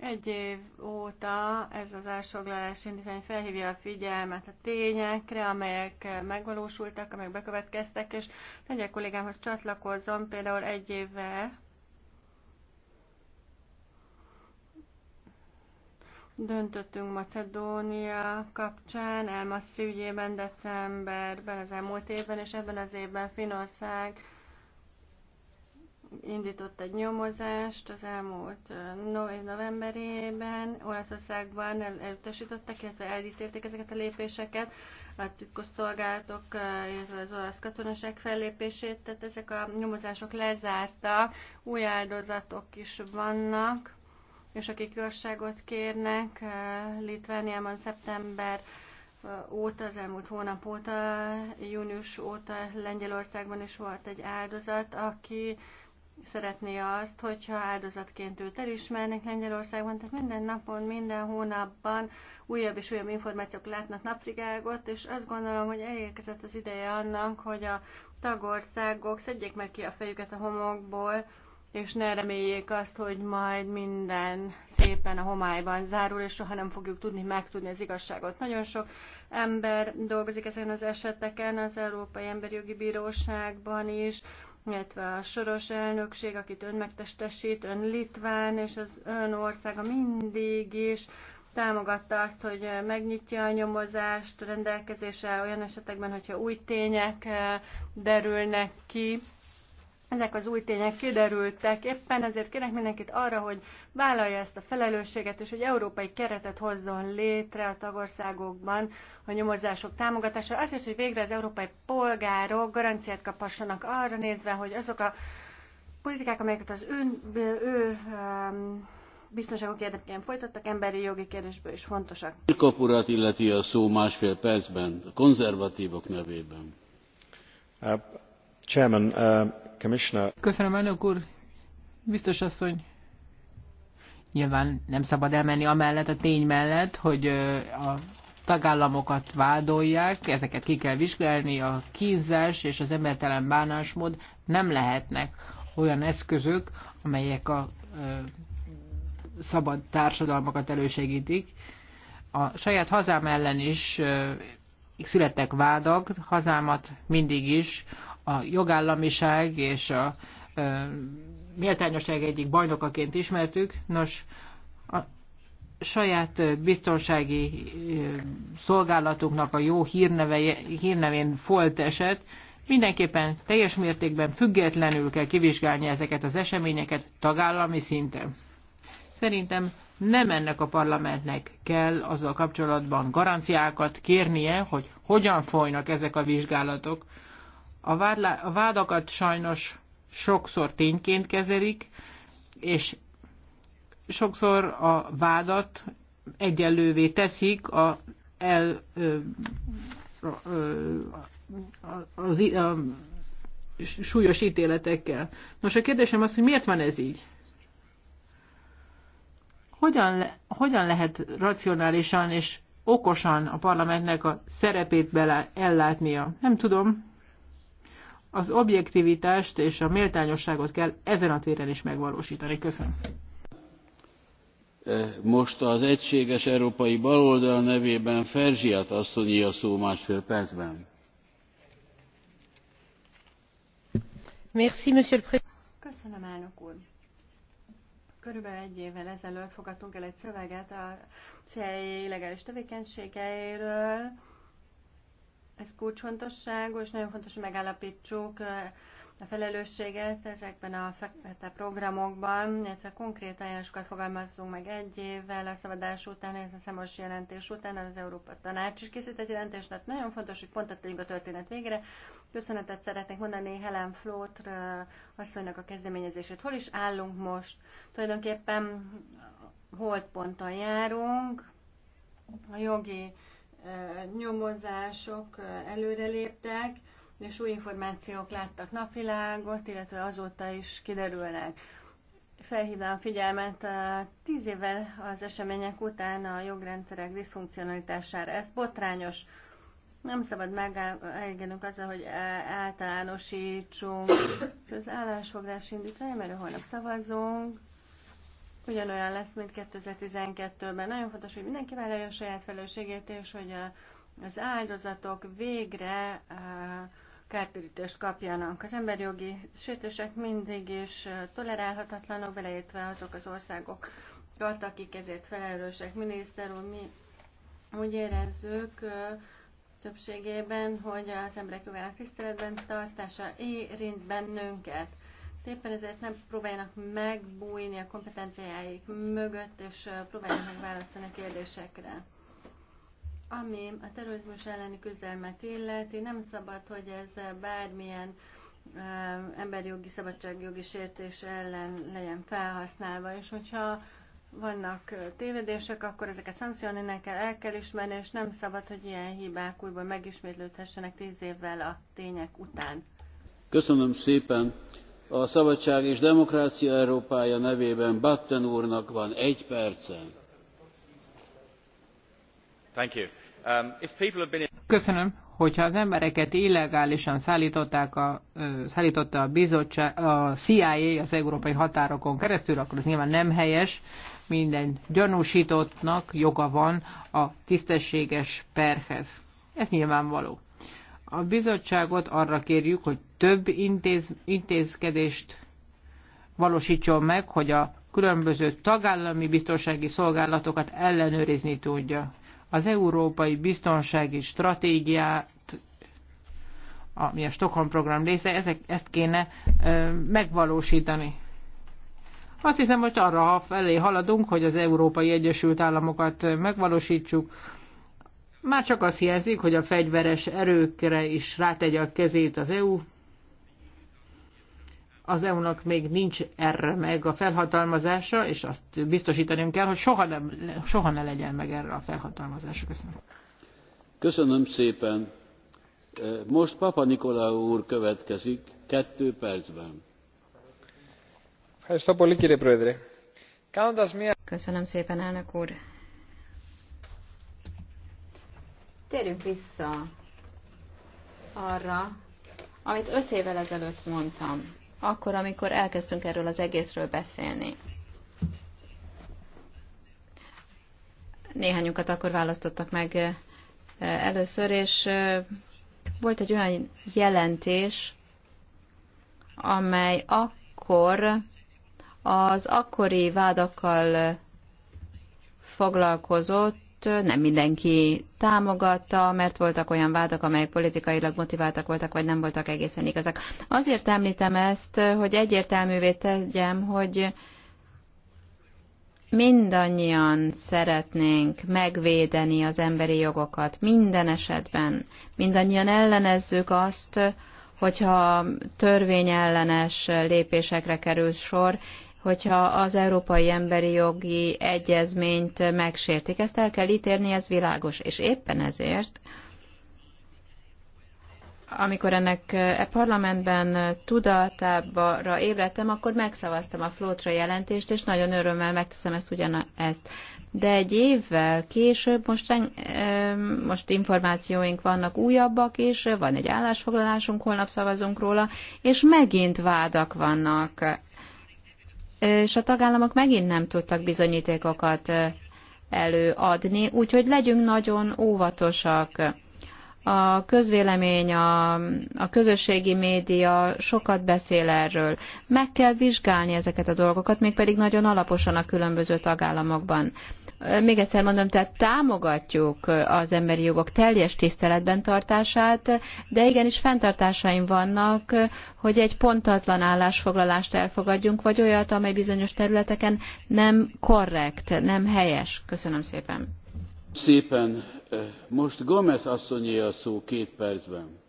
Egy év óta ez az ásoglalás indítvány felhívja a figyelmet a tényekre, amelyek megvalósultak, amelyek bekövetkeztek, és lengyel kollégámhoz csatlakozom, például egy évvel döntöttünk Macedónia kapcsán, Elmaszti ügyében decemberben az elmúlt évben, és ebben az évben Finország indított egy nyomozást az elmúlt novemberében. Olaszországban elutasították, illetve elítélték ezeket a lépéseket, a titkosszolgálatok, illetve az olasz katonaság fellépését, tehát ezek a nyomozások lezártak, új áldozatok is vannak, és akik igazságot kérnek, Litvániában szeptember óta, az elmúlt hónap óta, június óta Lengyelországban is volt egy áldozat, aki szeretné azt, hogyha áldozatként őt elismernek Lengyelországban, tehát minden napon, minden hónapban újabb és újabb információk látnak napvilágot, és azt gondolom, hogy elérkezett az ideje annak, hogy a tagországok szedjék meg ki a fejüket a homokból, és ne reméljék azt, hogy majd minden szépen a homályban zárul, és soha nem fogjuk tudni megtudni az igazságot. Nagyon sok ember dolgozik ezen az eseteken, az Európai Emberi Jogi Bíróságban is, illetve a soros elnökség, akit ön megtestesít, ön Litván, és az ön országa mindig is támogatta azt, hogy megnyitja a nyomozást rendelkezésre olyan esetekben, hogyha új tények eh, derülnek ki, ezek az új tények kiderültek, éppen ezért kérek mindenkit arra, hogy vállalja ezt a felelősséget, és hogy európai keretet hozzon létre a tagországokban a nyomozások támogatása, azért, hogy végre az európai polgárok garanciát kaphassanak arra nézve, hogy azok a politikák, amelyeket az ön, ő, ő um, biztonságok érdekében folytattak, emberi jogi kérdésből is fontosak. Kirkop urat illeti a szó másfél percben, a konzervatívok nevében. Uh, chairman, uh... Köszönöm, elnök úr. Biztos asszony. Nyilván nem szabad elmenni amellett a tény mellett, hogy a tagállamokat vádolják, ezeket ki kell vizsgálni, a kínzás és az embertelen bánásmód nem lehetnek olyan eszközök, amelyek a szabad társadalmakat elősegítik. A saját hazám ellen is születtek vádak, hazámat mindig is a jogállamiság és a e, méltányosság egyik bajnokaként ismertük. Nos, a saját biztonsági e, szolgálatunknak a jó hírneve, hírnevén folt eset, Mindenképpen teljes mértékben függetlenül kell kivizsgálni ezeket az eseményeket tagállami szinten. Szerintem nem ennek a parlamentnek kell azzal kapcsolatban garanciákat kérnie, hogy hogyan folynak ezek a vizsgálatok. A, vádlá, a vádakat sajnos sokszor tényként kezelik, és sokszor a vádat egyenlővé teszik a, el, ö, ö, az, a, súlyos ítéletekkel. Nos, a kérdésem az, hogy miért van ez így? Hogyan, le, hogyan lehet racionálisan és okosan a parlamentnek a szerepét bele ellátnia? Nem tudom az objektivitást és a méltányosságot kell ezen a téren is megvalósítani. Köszönöm. E, most az Egységes Európai Baloldal nevében Ferzsiát asszonyi a szó másfél percben. Merci, monsieur le Président. Köszönöm, elnök úr. Körülbelül egy évvel ezelőtt fogadtunk el egy szöveget a CIA illegális tevékenységeiről, ez kulcsfontosságú, és nagyon fontos, hogy megállapítsuk a felelősséget ezekben a fekete programokban, illetve konkrét ajánlásokat fogalmazzunk meg egy évvel a szabadás után, ez a számos jelentés után, az Európa Tanács is készített jelentést, tehát nagyon fontos, hogy pontot tegyünk a történet végre. Köszönetet szeretnék mondani Helen Flót asszonynak a kezdeményezését. Hol is állunk most? Tulajdonképpen ponton járunk, a jogi nyomozások előreléptek, és új információk láttak napvilágot, illetve azóta is kiderülnek. Felhívnám a figyelmet tíz évvel az események után a jogrendszerek diszfunkcionalitására. Ez botrányos. Nem szabad megelégednünk azzal, hogy általánosítsunk. Az állásfoglás indítvány, mert holnap szavazunk ugyanolyan lesz, mint 2012-ben. Nagyon fontos, hogy mindenki vállalja a saját felelősségét, és hogy a, az áldozatok végre a, eh, kártérítést kapjanak. Az emberjogi sértések mindig is eh, tolerálhatatlanok, beleértve azok az országok, akik ezért felelősek. Miniszter úr, mi úgy érezzük eh, többségében, hogy az emberek jogának tiszteletben tartása érint bennünket. Éppen ezért nem próbáljanak megbújni a kompetenciáik mögött, és próbáljanak megválasztani a kérdésekre. Ami a terrorizmus elleni küzdelmet illeti, nem szabad, hogy ez bármilyen emberjogi, szabadságjogi sértés ellen legyen felhasználva, és hogyha vannak tévedések, akkor ezeket szankcionálni kell, el kell ismerni, és nem szabad, hogy ilyen hibák újból megismétlődhessenek tíz évvel a tények után. Köszönöm szépen! a Szabadság és Demokrácia Európája nevében Batten úrnak van egy perce. Thank you. Um, if people have been... Köszönöm. Hogyha az embereket illegálisan szállították a, szállította a bizottság, a CIA az európai határokon keresztül, akkor ez nyilván nem helyes. Minden gyanúsítottnak joga van a tisztességes perhez. Ez nyilvánvaló. A bizottságot arra kérjük, hogy több intéz, intézkedést valósítson meg, hogy a különböző tagállami biztonsági szolgálatokat ellenőrizni tudja. Az európai biztonsági stratégiát, ami a Stockholm program része, ezek, ezt kéne ö, megvalósítani. Azt hiszem, hogy arra felé haladunk, hogy az Európai Egyesült Államokat megvalósítsuk, már csak azt jelzik, hogy a fegyveres erőkre is rátegye a kezét az EU. Az EU-nak még nincs erre meg a felhatalmazása, és azt biztosítanunk kell, hogy soha, nem, soha ne legyen meg erre a felhatalmazása. Köszönöm. Köszönöm szépen. E, most Papa Nikolaou úr következik, kettő percben. Köszönöm szépen, elnök úr. Térjünk vissza arra, amit öt évvel ezelőtt mondtam, akkor, amikor elkezdtünk erről az egészről beszélni. Néhányukat akkor választottak meg először, és volt egy olyan jelentés, amely akkor az akkori vádakkal foglalkozott, nem mindenki támogatta, mert voltak olyan vádak, amelyek politikailag motiváltak voltak, vagy nem voltak egészen igazak. Azért említem ezt, hogy egyértelművé tegyem, hogy mindannyian szeretnénk megvédeni az emberi jogokat minden esetben. Mindannyian ellenezzük azt, hogyha törvényellenes lépésekre kerül sor, hogyha az Európai Emberi Jogi Egyezményt megsértik. Ezt el kell ítélni, ez világos. És éppen ezért, amikor ennek e parlamentben tudatára ébredtem, akkor megszavaztam a Flótra jelentést, és nagyon örömmel megteszem ezt ugyanezt. De egy évvel később most, e, most információink vannak újabbak is, van egy állásfoglalásunk, holnap szavazunk róla, és megint vádak vannak és a tagállamok megint nem tudtak bizonyítékokat előadni, úgyhogy legyünk nagyon óvatosak a közvélemény, a, a közösségi média sokat beszél erről. Meg kell vizsgálni ezeket a dolgokat, mégpedig nagyon alaposan a különböző tagállamokban. Még egyszer mondom, tehát támogatjuk az emberi jogok teljes tiszteletben tartását, de igenis fenntartásaim vannak, hogy egy pontatlan állásfoglalást elfogadjunk, vagy olyat, amely bizonyos területeken nem korrekt, nem helyes. Köszönöm szépen. Szépen. Most Gomez asszonyé a szó két percben.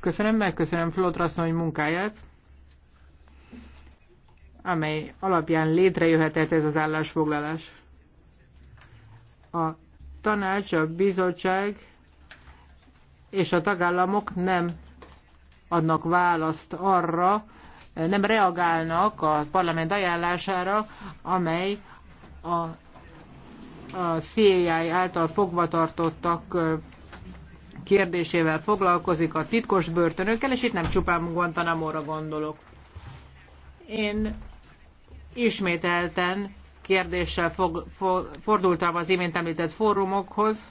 Köszönöm, megköszönöm Flótra asszony munkáját, amely alapján létrejöhetett ez az állásfoglalás. A tanács, a bizottság és a tagállamok nem adnak választ arra, nem reagálnak a parlament ajánlására, amely a, a CIA által fogvatartottak kérdésével foglalkozik a titkos börtönökkel, és itt nem csupán Guantanamo-ra gondolok. Én ismételten kérdéssel fog, for, fordultam az imént említett fórumokhoz.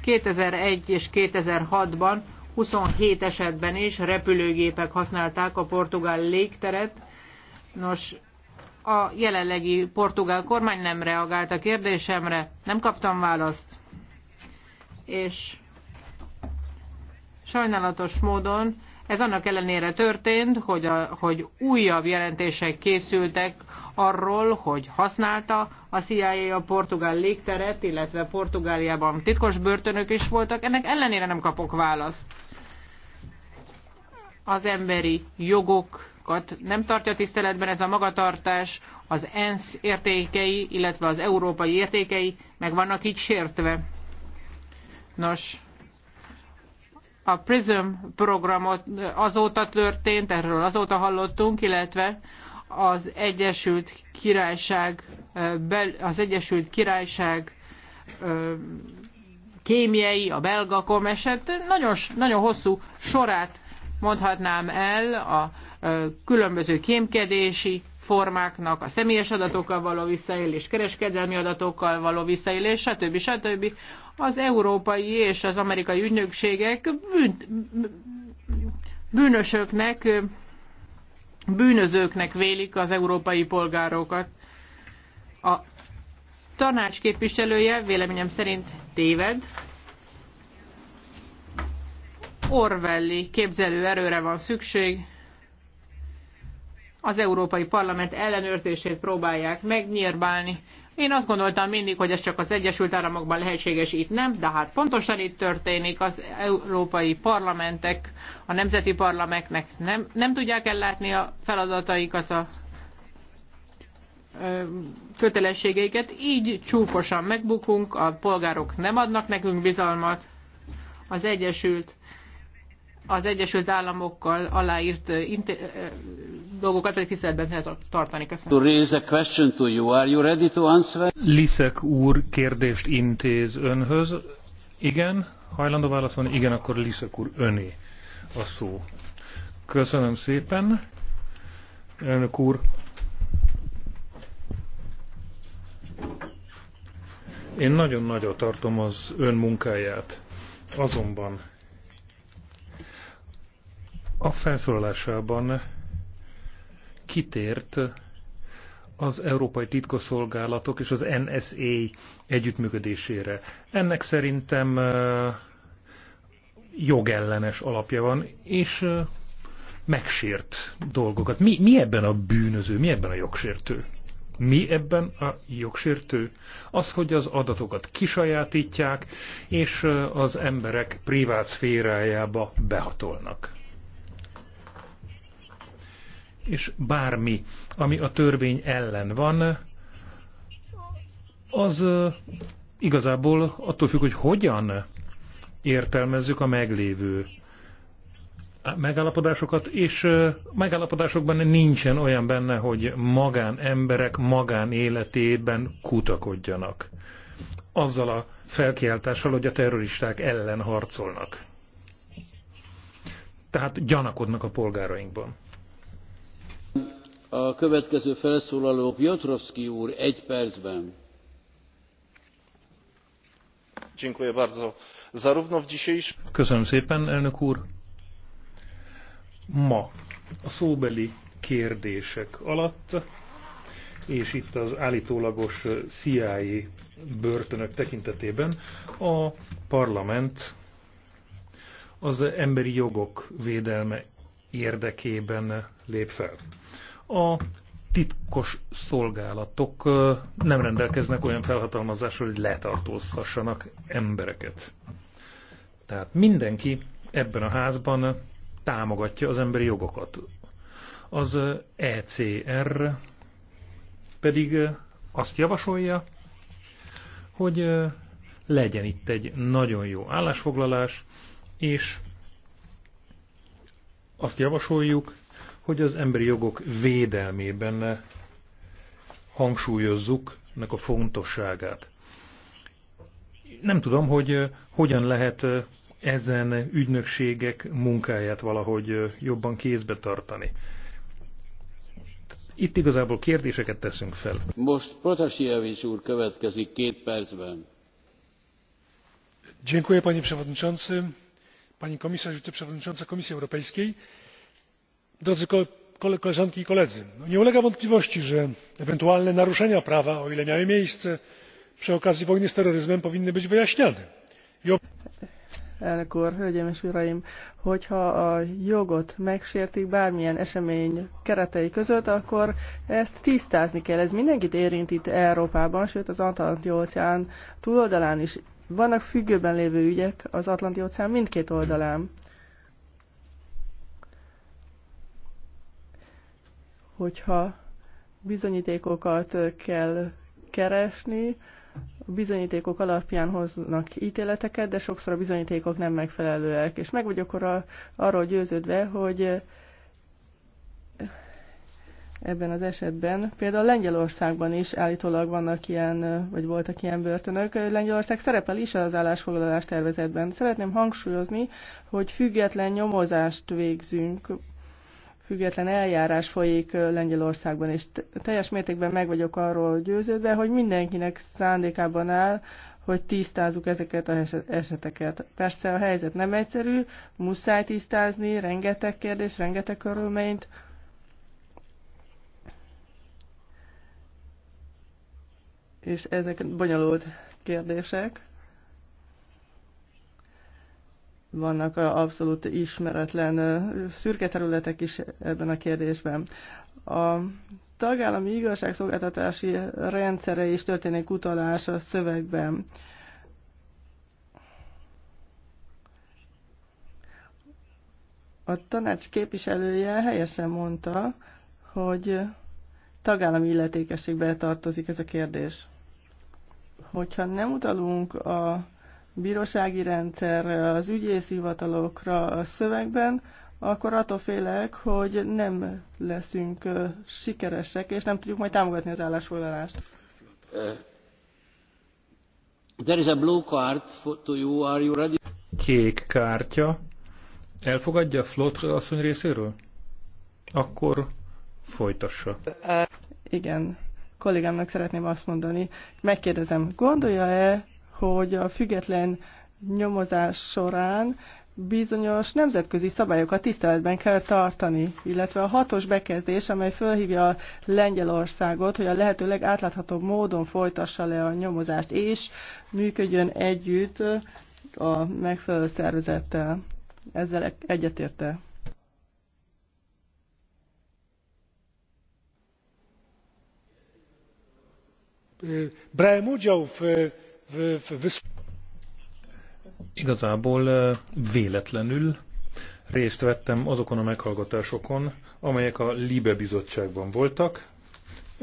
2001 és 2006-ban 27 esetben is repülőgépek használták a portugál légteret. Nos, a jelenlegi portugál kormány nem reagált a kérdésemre, nem kaptam választ. És sajnálatos módon ez annak ellenére történt, hogy, a, hogy újabb jelentések készültek arról, hogy használta a CIA a portugál légteret, illetve Portugáliában titkos börtönök is voltak. Ennek ellenére nem kapok választ az emberi jogokat nem tartja tiszteletben ez a magatartás, az ENSZ értékei, illetve az európai értékei meg vannak így sértve. Nos, a PRISM programot azóta történt, erről azóta hallottunk, illetve az Egyesült Királyság, az Egyesült Királyság kémiai, a belga eset nagyon, nagyon hosszú sorát mondhatnám el a különböző kémkedési formáknak, a személyes adatokkal való visszaélés, kereskedelmi adatokkal való visszaélés, stb. stb. Az európai és az amerikai ügynökségek bűn, bűnösöknek, bűnözőknek vélik az európai polgárokat. A tanács képviselője véleményem szerint téved, Orwelli képzelő erőre van szükség. Az Európai Parlament ellenőrzését próbálják megnyírbálni. Én azt gondoltam mindig, hogy ez csak az Egyesült Államokban lehetséges, itt nem, de hát pontosan itt történik, az európai parlamentek, a nemzeti parlamentnek nem, nem tudják ellátni a feladataikat, a kötelességeiket, így csúfosan megbukunk, a polgárok nem adnak nekünk bizalmat, az Egyesült az Egyesült Államokkal aláírt inté- dolgokat pedig tiszteletben lehet tartani. Köszönöm. Liszek úr kérdést intéz önhöz. Igen, hajlandó válaszolni? Igen, akkor Liszek úr öné a szó. Köszönöm szépen, elnök úr. Én nagyon nagyra tartom az ön munkáját. Azonban a felszólalásában kitért az Európai Titkosszolgálatok és az NSA együttműködésére. Ennek szerintem jogellenes alapja van, és megsért dolgokat. Mi, mi ebben a bűnöző, mi ebben a jogsértő? Mi ebben a jogsértő? Az, hogy az adatokat kisajátítják, és az emberek privát szférájába behatolnak és bármi, ami a törvény ellen van, az igazából attól függ, hogy hogyan értelmezzük a meglévő megállapodásokat, és megállapodásokban nincsen olyan benne, hogy magán emberek magán életében kutakodjanak. Azzal a felkiáltással, hogy a terroristák ellen harcolnak. Tehát gyanakodnak a polgárainkban. A következő felszólaló Piotrowski úr, egy percben. Dziękuję bardzo. Zarówno w dzisiejszym... Köszönöm szépen, elnök úr. Ma a szóbeli kérdések alatt, és itt az állítólagos CIA börtönök tekintetében a parlament az emberi jogok védelme érdekében lép fel. A titkos szolgálatok nem rendelkeznek olyan felhatalmazással, hogy letartóztassanak embereket. Tehát mindenki ebben a házban támogatja az emberi jogokat. Az ECR pedig azt javasolja, hogy legyen itt egy nagyon jó állásfoglalás, és azt javasoljuk, hogy az emberi jogok védelmében hangsúlyozzuk nek a fontosságát. Nem tudom, hogy eh, hogyan lehet eh, ezen ügynökségek munkáját valahogy eh, jobban kézbe tartani. Itt igazából kérdéseket teszünk fel. Most Protasiewicz úr következik két percben. Dziękuję panie przewodniczący, pani komisarz wiceprzewodnicząca Komisji Europejskiej nie ulega wątpliwości że ewentualne naruszenia prawa o ile miały miejsce przy okazji wojny z terroryzmem powinny być wyjaśniane i. elnök úr hölgyeim és uraim hogyha a jogot megsértik bármilyen esemény keretei között akkor ezt tisztázni kell. ez mindenkit érint itt európában sőt az atlanti óceán túloldalán is. vannak függőben lévő ügyek az atlanti óceán mindkét oldalán hogyha bizonyítékokat kell keresni, a bizonyítékok alapján hoznak ítéleteket, de sokszor a bizonyítékok nem megfelelőek. És meg vagyok arra, arról győződve, hogy ebben az esetben. Például Lengyelországban is állítólag vannak ilyen, vagy voltak ilyen börtönök. Lengyelország szerepel is az állásfoglalás tervezetben. Szeretném hangsúlyozni, hogy független nyomozást végzünk független eljárás folyik Lengyelországban, és teljes mértékben meg vagyok arról győződve, hogy mindenkinek szándékában áll, hogy tisztázzuk ezeket a eseteket. Persze a helyzet nem egyszerű, muszáj tisztázni, rengeteg kérdés, rengeteg körülményt, és ezek bonyolult kérdések vannak abszolút ismeretlen szürke területek is ebben a kérdésben. A tagállami igazságszolgáltatási rendszere is történik utalás a szövegben. A tanács képviselője helyesen mondta, hogy tagállami illetékességbe tartozik ez a kérdés. Hogyha nem utalunk a bírósági rendszerre, az ügyészi hivatalokra a szövegben, akkor attól félek, hogy nem leszünk sikeresek, és nem tudjuk majd támogatni az állásfoglalást. Uh, there is a blue card to you. Are you ready? Kék kártya. Elfogadja flott asszony részéről? Akkor folytassa. Igen, kollégámnak szeretném azt mondani, megkérdezem, gondolja-e hogy a független nyomozás során bizonyos nemzetközi szabályokat tiszteletben kell tartani, illetve a hatos bekezdés, amely fölhívja a Lengyelországot, hogy a lehető legátláthatóbb módon folytassa le a nyomozást, és működjön együtt a megfelelő szervezettel. Ezzel e- egyetérte. Brałem udział w Igazából véletlenül részt vettem azokon a meghallgatásokon, amelyek a Libe bizottságban voltak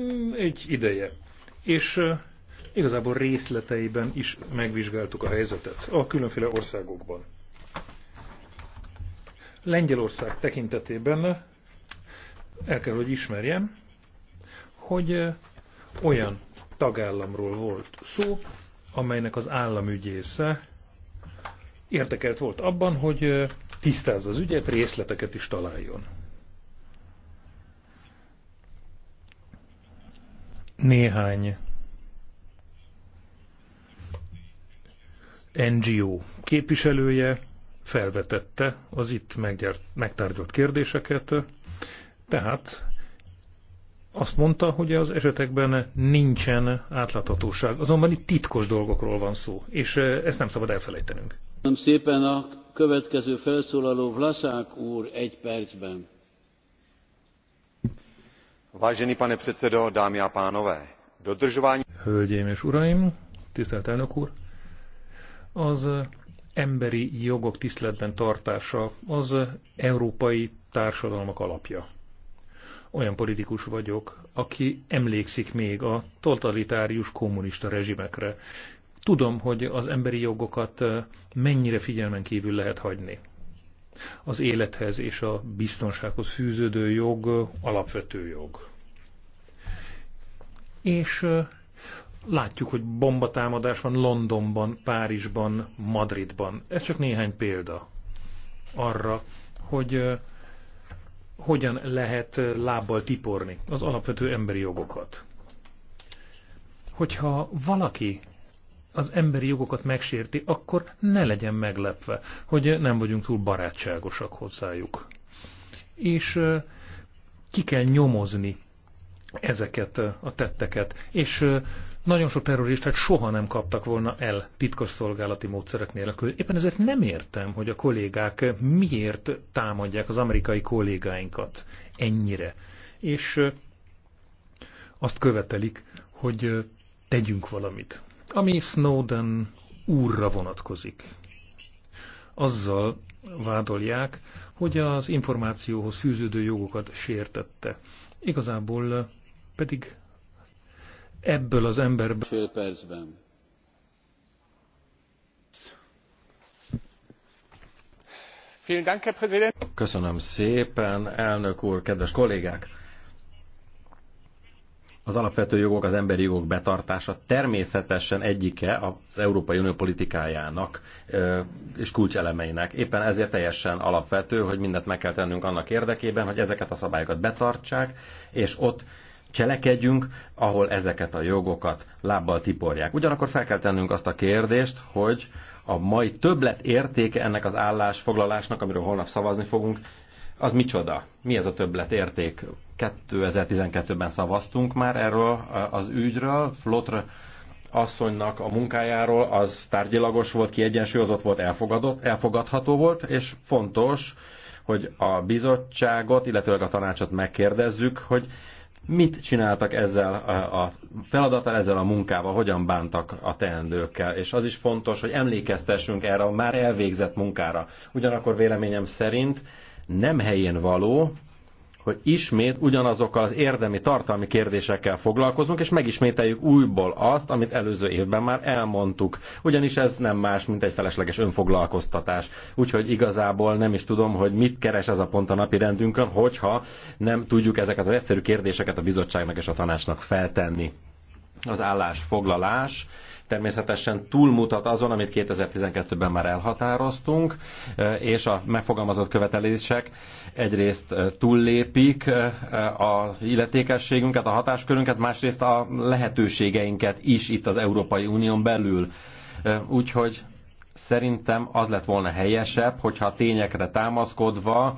mm, egy ideje. És igazából részleteiben is megvizsgáltuk a helyzetet a különféle országokban. Lengyelország tekintetében el kell, hogy ismerjem, hogy olyan tagállamról volt szó, amelynek az államügyésze érdekelt volt abban, hogy tisztázza az ügyet, részleteket is találjon. Néhány NGO képviselője felvetette az itt megtárgyalt kérdéseket, tehát azt mondta, hogy az esetekben nincsen átláthatóság. Azonban itt titkos dolgokról van szó, és e, ezt nem szabad elfelejtenünk. Köszönöm szépen a következő felszólaló Vlasák úr egy percben. Vážený pane předsedo, dámy a pánové, dodržování... Hölgyeim és uraim, tisztelt elnök úr, az emberi jogok tiszteletben tartása az európai társadalmak alapja olyan politikus vagyok, aki emlékszik még a totalitárius kommunista rezsimekre. Tudom, hogy az emberi jogokat eh, mennyire figyelmen kívül lehet hagyni. Az élethez és a biztonsághoz fűződő jog eh, alapvető jog. És eh, látjuk, hogy bombatámadás van Londonban, Párizsban, Madridban. Ez csak néhány példa arra, hogy hogyan lehet lábbal tiporni az alapvető emberi jogokat. Hogyha valaki az emberi jogokat megsérti, akkor ne legyen meglepve, hogy nem vagyunk túl barátságosak hozzájuk. És ki kell nyomozni ezeket a tetteket, és nagyon sok terroristát soha nem kaptak volna el titkos szolgálati módszerek nélkül. Éppen ezért nem értem, hogy a kollégák miért támadják az amerikai kollégáinkat ennyire. És azt követelik, hogy tegyünk valamit. Ami Snowden úrra vonatkozik. Azzal vádolják, hogy az információhoz fűződő jogokat sértette. Igazából pedig ebből az emberből. Fél percben. Köszönöm szépen, elnök úr, kedves kollégák! Az alapvető jogok, az emberi jogok betartása természetesen egyike az Európai Unió politikájának és kulcselemeinek. Éppen ezért teljesen alapvető, hogy mindent meg kell tennünk annak érdekében, hogy ezeket a szabályokat betartsák, és ott cselekedjünk, ahol ezeket a jogokat lábbal tiporják. Ugyanakkor fel kell tennünk azt a kérdést, hogy a mai többlet értéke ennek az állásfoglalásnak, amiről holnap szavazni fogunk, az micsoda? Mi ez a többlet érték? 2012-ben szavaztunk már erről az ügyről, Flotra asszonynak a munkájáról, az tárgyilagos volt, kiegyensúlyozott volt, elfogadott, elfogadható volt, és fontos, hogy a bizottságot, illetőleg a tanácsot megkérdezzük, hogy mit csináltak ezzel a feladattal, ezzel a munkával, hogyan bántak a teendőkkel. És az is fontos, hogy emlékeztessünk erre a már elvégzett munkára. Ugyanakkor véleményem szerint nem helyén való, hogy ismét ugyanazokkal az érdemi tartalmi kérdésekkel foglalkozunk, és megismételjük újból azt, amit előző évben már elmondtuk. Ugyanis ez nem más, mint egy felesleges önfoglalkoztatás. Úgyhogy igazából nem is tudom, hogy mit keres ez a pont a napi rendünkön, hogyha nem tudjuk ezeket az egyszerű kérdéseket a bizottságnak és a tanácsnak feltenni. Az állásfoglalás természetesen túlmutat azon, amit 2012-ben már elhatároztunk, eh, és a megfogalmazott követelések egyrészt eh, túllépik eh, a illetékességünket, a hatáskörünket, másrészt a lehetőségeinket is itt az Európai Unión belül. Úgyhogy szerintem az lett volna helyesebb, hogyha tényekre támaszkodva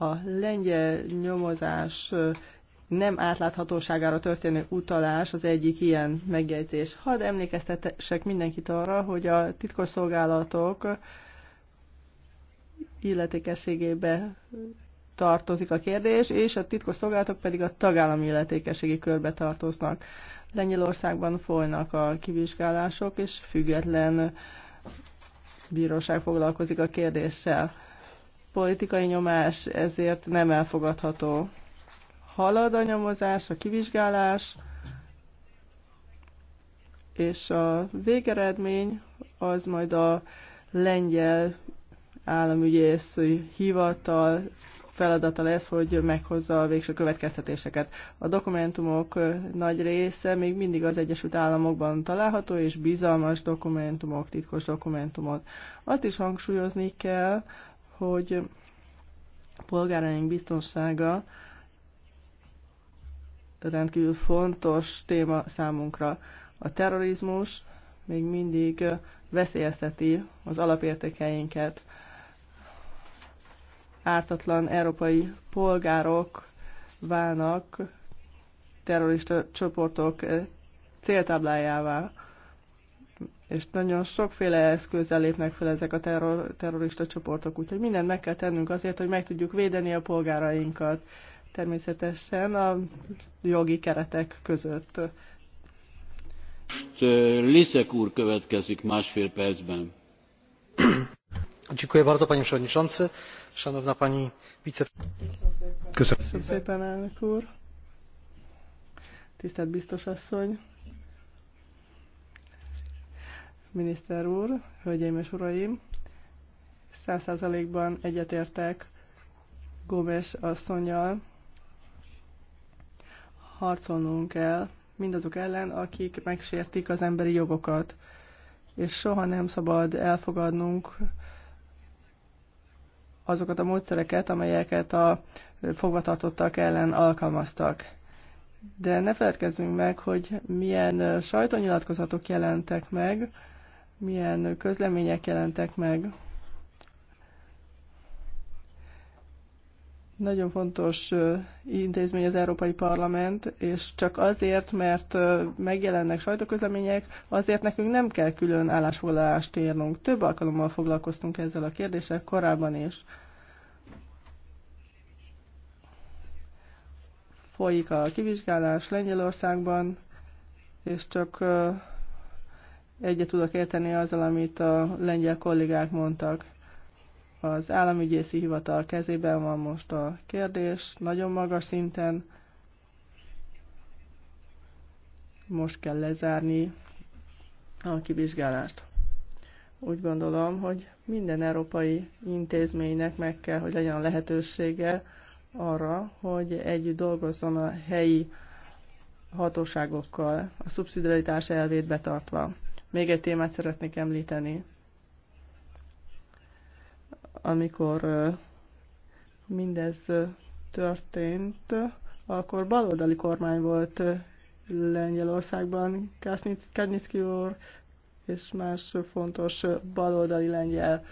a lengyel nyomozás nem átláthatóságára történő utalás az egyik ilyen megjegyzés. Hadd emlékeztetek mindenkit arra, hogy a titkosszolgálatok illetékességébe tartozik a kérdés, és a titkosszolgálatok pedig a tagállami illetékességi körbe tartoznak. Lengyelországban folynak a kivizsgálások, és független bíróság foglalkozik a kérdéssel politikai nyomás, ezért nem elfogadható. Halad a nyomozás, a kivizsgálás, és a végeredmény az majd a lengyel államügyész hivatal feladata lesz, hogy meghozza a végső következtetéseket. A dokumentumok nagy része még mindig az Egyesült Államokban található, és bizalmas dokumentumok, titkos dokumentumok. Azt is hangsúlyozni kell, hogy polgáraink biztonsága rendkívül fontos téma számunkra. A terrorizmus még mindig veszélyezteti az alapértékeinket. Ártatlan európai polgárok válnak terrorista csoportok céltáblájává és nagyon sokféle eszközzel lépnek fel ezek a terror, terrorista csoportok, úgyhogy mindent meg kell tennünk azért, hogy meg tudjuk védeni a polgárainkat, természetesen a jogi keretek között. Liszek úr következik másfél percben. Dziękuję bardzo, panie przewodniczący. Szanowna pani wice... Köszönöm szépen, elnök úr. Tisztelt biztos asszony miniszter úr, hölgyeim és uraim! Száz százalékban egyetértek Gómez asszonyjal. Harcolnunk kell mindazok ellen, akik megsértik az emberi jogokat. És soha nem szabad elfogadnunk azokat a módszereket, amelyeket a fogvatartottak ellen alkalmaztak. De ne feledkezzünk meg, hogy milyen sajtónyilatkozatok jelentek meg, milyen közlemények jelentek meg. Nagyon fontos intézmény az Európai Parlament, és csak azért, mert megjelennek sajtóközlemények, azért nekünk nem kell külön állásfoglalást írnunk. Több alkalommal foglalkoztunk ezzel a kérdéssel korábban is. Folyik a kivizsgálás Lengyelországban, és csak Egyet tudok érteni azzal, amit a lengyel kollégák mondtak. Az államügyészi hivatal kezében van most a kérdés, nagyon magas szinten. Most kell lezárni a kivizsgálást. Úgy gondolom, hogy minden európai intézménynek meg kell, hogy legyen a lehetősége arra, hogy együtt dolgozzon a helyi hatóságokkal, a szubszidiaritás elvét betartva. Még egy témát szeretnék említeni. Amikor mindez történt, akkor baloldali kormány volt Lengyelországban, Kárnyicki úr és más fontos baloldali lengyel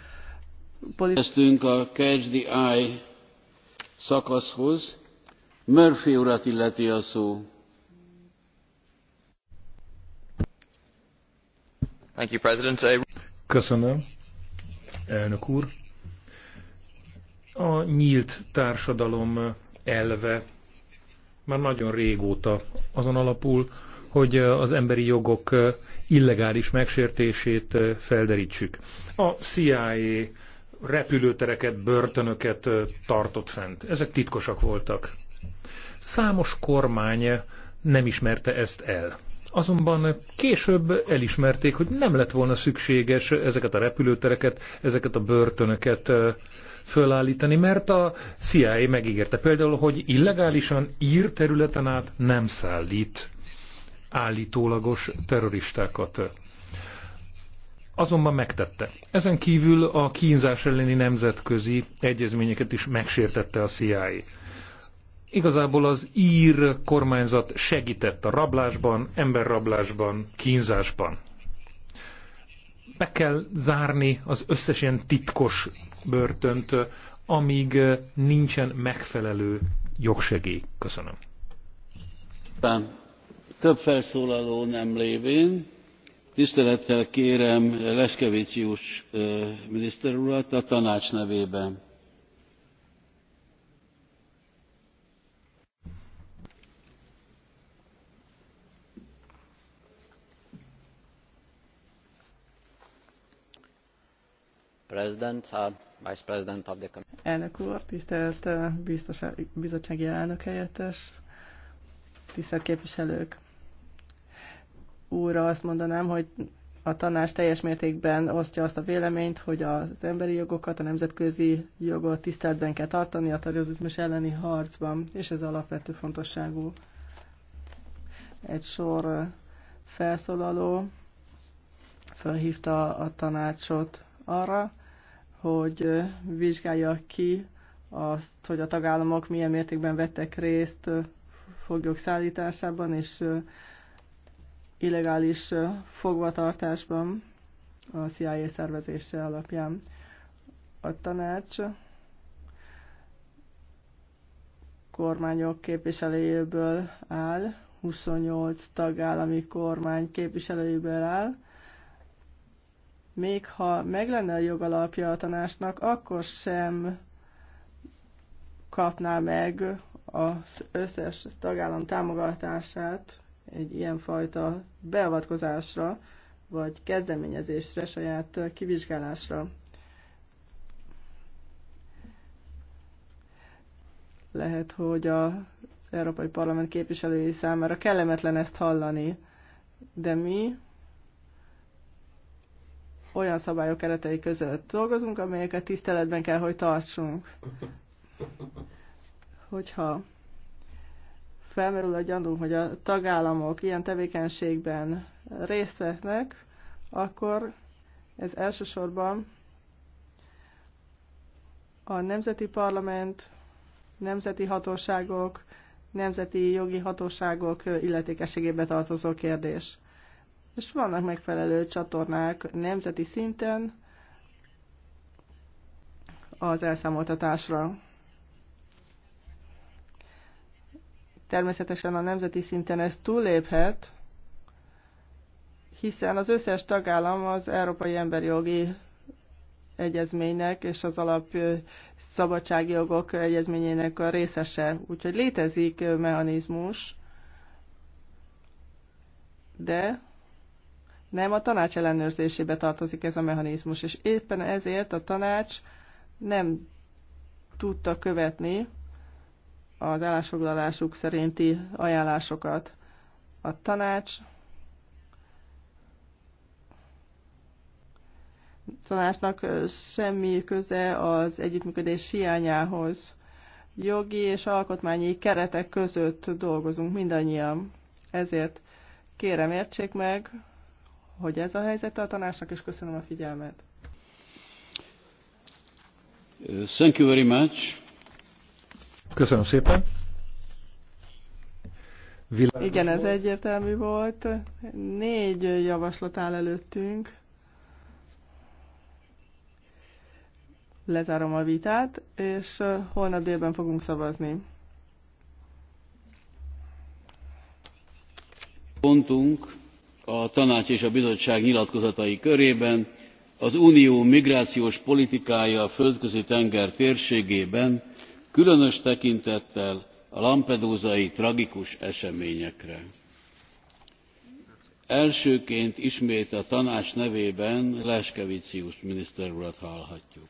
Kezdtünk a Catch the Eye szakaszhoz. Murphy urat illeti a szó. Thank you, Köszönöm, elnök úr. A nyílt társadalom elve már nagyon régóta azon alapul, hogy az emberi jogok illegális megsértését felderítsük. A CIA repülőtereket, börtönöket tartott fent. Ezek titkosak voltak. Számos kormány nem ismerte ezt el. Azonban később elismerték, hogy nem lett volna szükséges ezeket a repülőtereket, ezeket a börtönöket fölállítani, mert a CIA megígérte például, hogy illegálisan ír területen át nem szállít állítólagos terroristákat. Azonban megtette. Ezen kívül a kínzás elleni nemzetközi egyezményeket is megsértette a CIA. Igazából az ír kormányzat segített a rablásban, emberrablásban, kínzásban. Be kell zárni az összes ilyen titkos börtönt, amíg nincsen megfelelő jogsegély. Köszönöm. Több felszólaló nem lévén, tisztelettel kérem Leskevicius miniszter urat a tanács nevében. Elnök úr, tisztelt biztos, bizottsági elnök helyettes, tisztelt képviselők. Úrra azt mondanám, hogy a tanács teljes mértékben osztja azt a véleményt, hogy az emberi jogokat, a nemzetközi jogot tiszteletben kell tartani a terrorizmus elleni harcban, és ez alapvető fontosságú. Egy sor felszólaló felhívta a tanácsot arra, hogy vizsgálja ki azt, hogy a tagállamok milyen mértékben vettek részt foglyok szállításában és illegális fogvatartásban a CIA szervezése alapján. A tanács kormányok képviselőjéből áll, 28 tagállami kormány képviselőjéből áll, még ha meg lenne a jogalapja a tanásnak, akkor sem kapná meg az összes tagállam támogatását egy ilyenfajta beavatkozásra, vagy kezdeményezésre, saját kivizsgálásra. Lehet, hogy az Európai Parlament képviselői számára kellemetlen ezt hallani, de mi olyan szabályok keretei között dolgozunk, amelyeket tiszteletben kell, hogy tartsunk. Hogyha felmerül a gyanú, hogy a tagállamok ilyen tevékenységben részt vesznek, akkor ez elsősorban a nemzeti parlament, nemzeti hatóságok, nemzeti jogi hatóságok illetékességébe tartozó kérdés és vannak megfelelő csatornák nemzeti szinten az elszámoltatásra. Természetesen a nemzeti szinten ez túléphet, hiszen az összes tagállam az Európai Emberi Jogi Egyezménynek és az Alap jogok Egyezményének a részese. Úgyhogy létezik mechanizmus, de nem, a tanács ellenőrzésébe tartozik ez a mechanizmus, és éppen ezért a tanács nem tudta követni az állásfoglalásuk szerinti ajánlásokat. A tanács tanácsnak semmi köze az együttműködés hiányához. Jogi és alkotmányi keretek között dolgozunk mindannyian. Ezért kérem értsék meg, hogy ez a helyzet, a tanácsnak, és köszönöm a figyelmet. Thank you very much. Köszönöm szépen. Világos Igen, ez volt. egyértelmű volt. Négy javaslat áll előttünk. Lezárom a vitát, és holnap délben fogunk szavazni. Pontunk a tanács és a bizottság nyilatkozatai körében az unió migrációs politikája a földközi tenger térségében különös tekintettel a Lampedusa-i tragikus eseményekre. elsőként ismét a tanács nevében leskeviius miniszter urat hallhatjuk.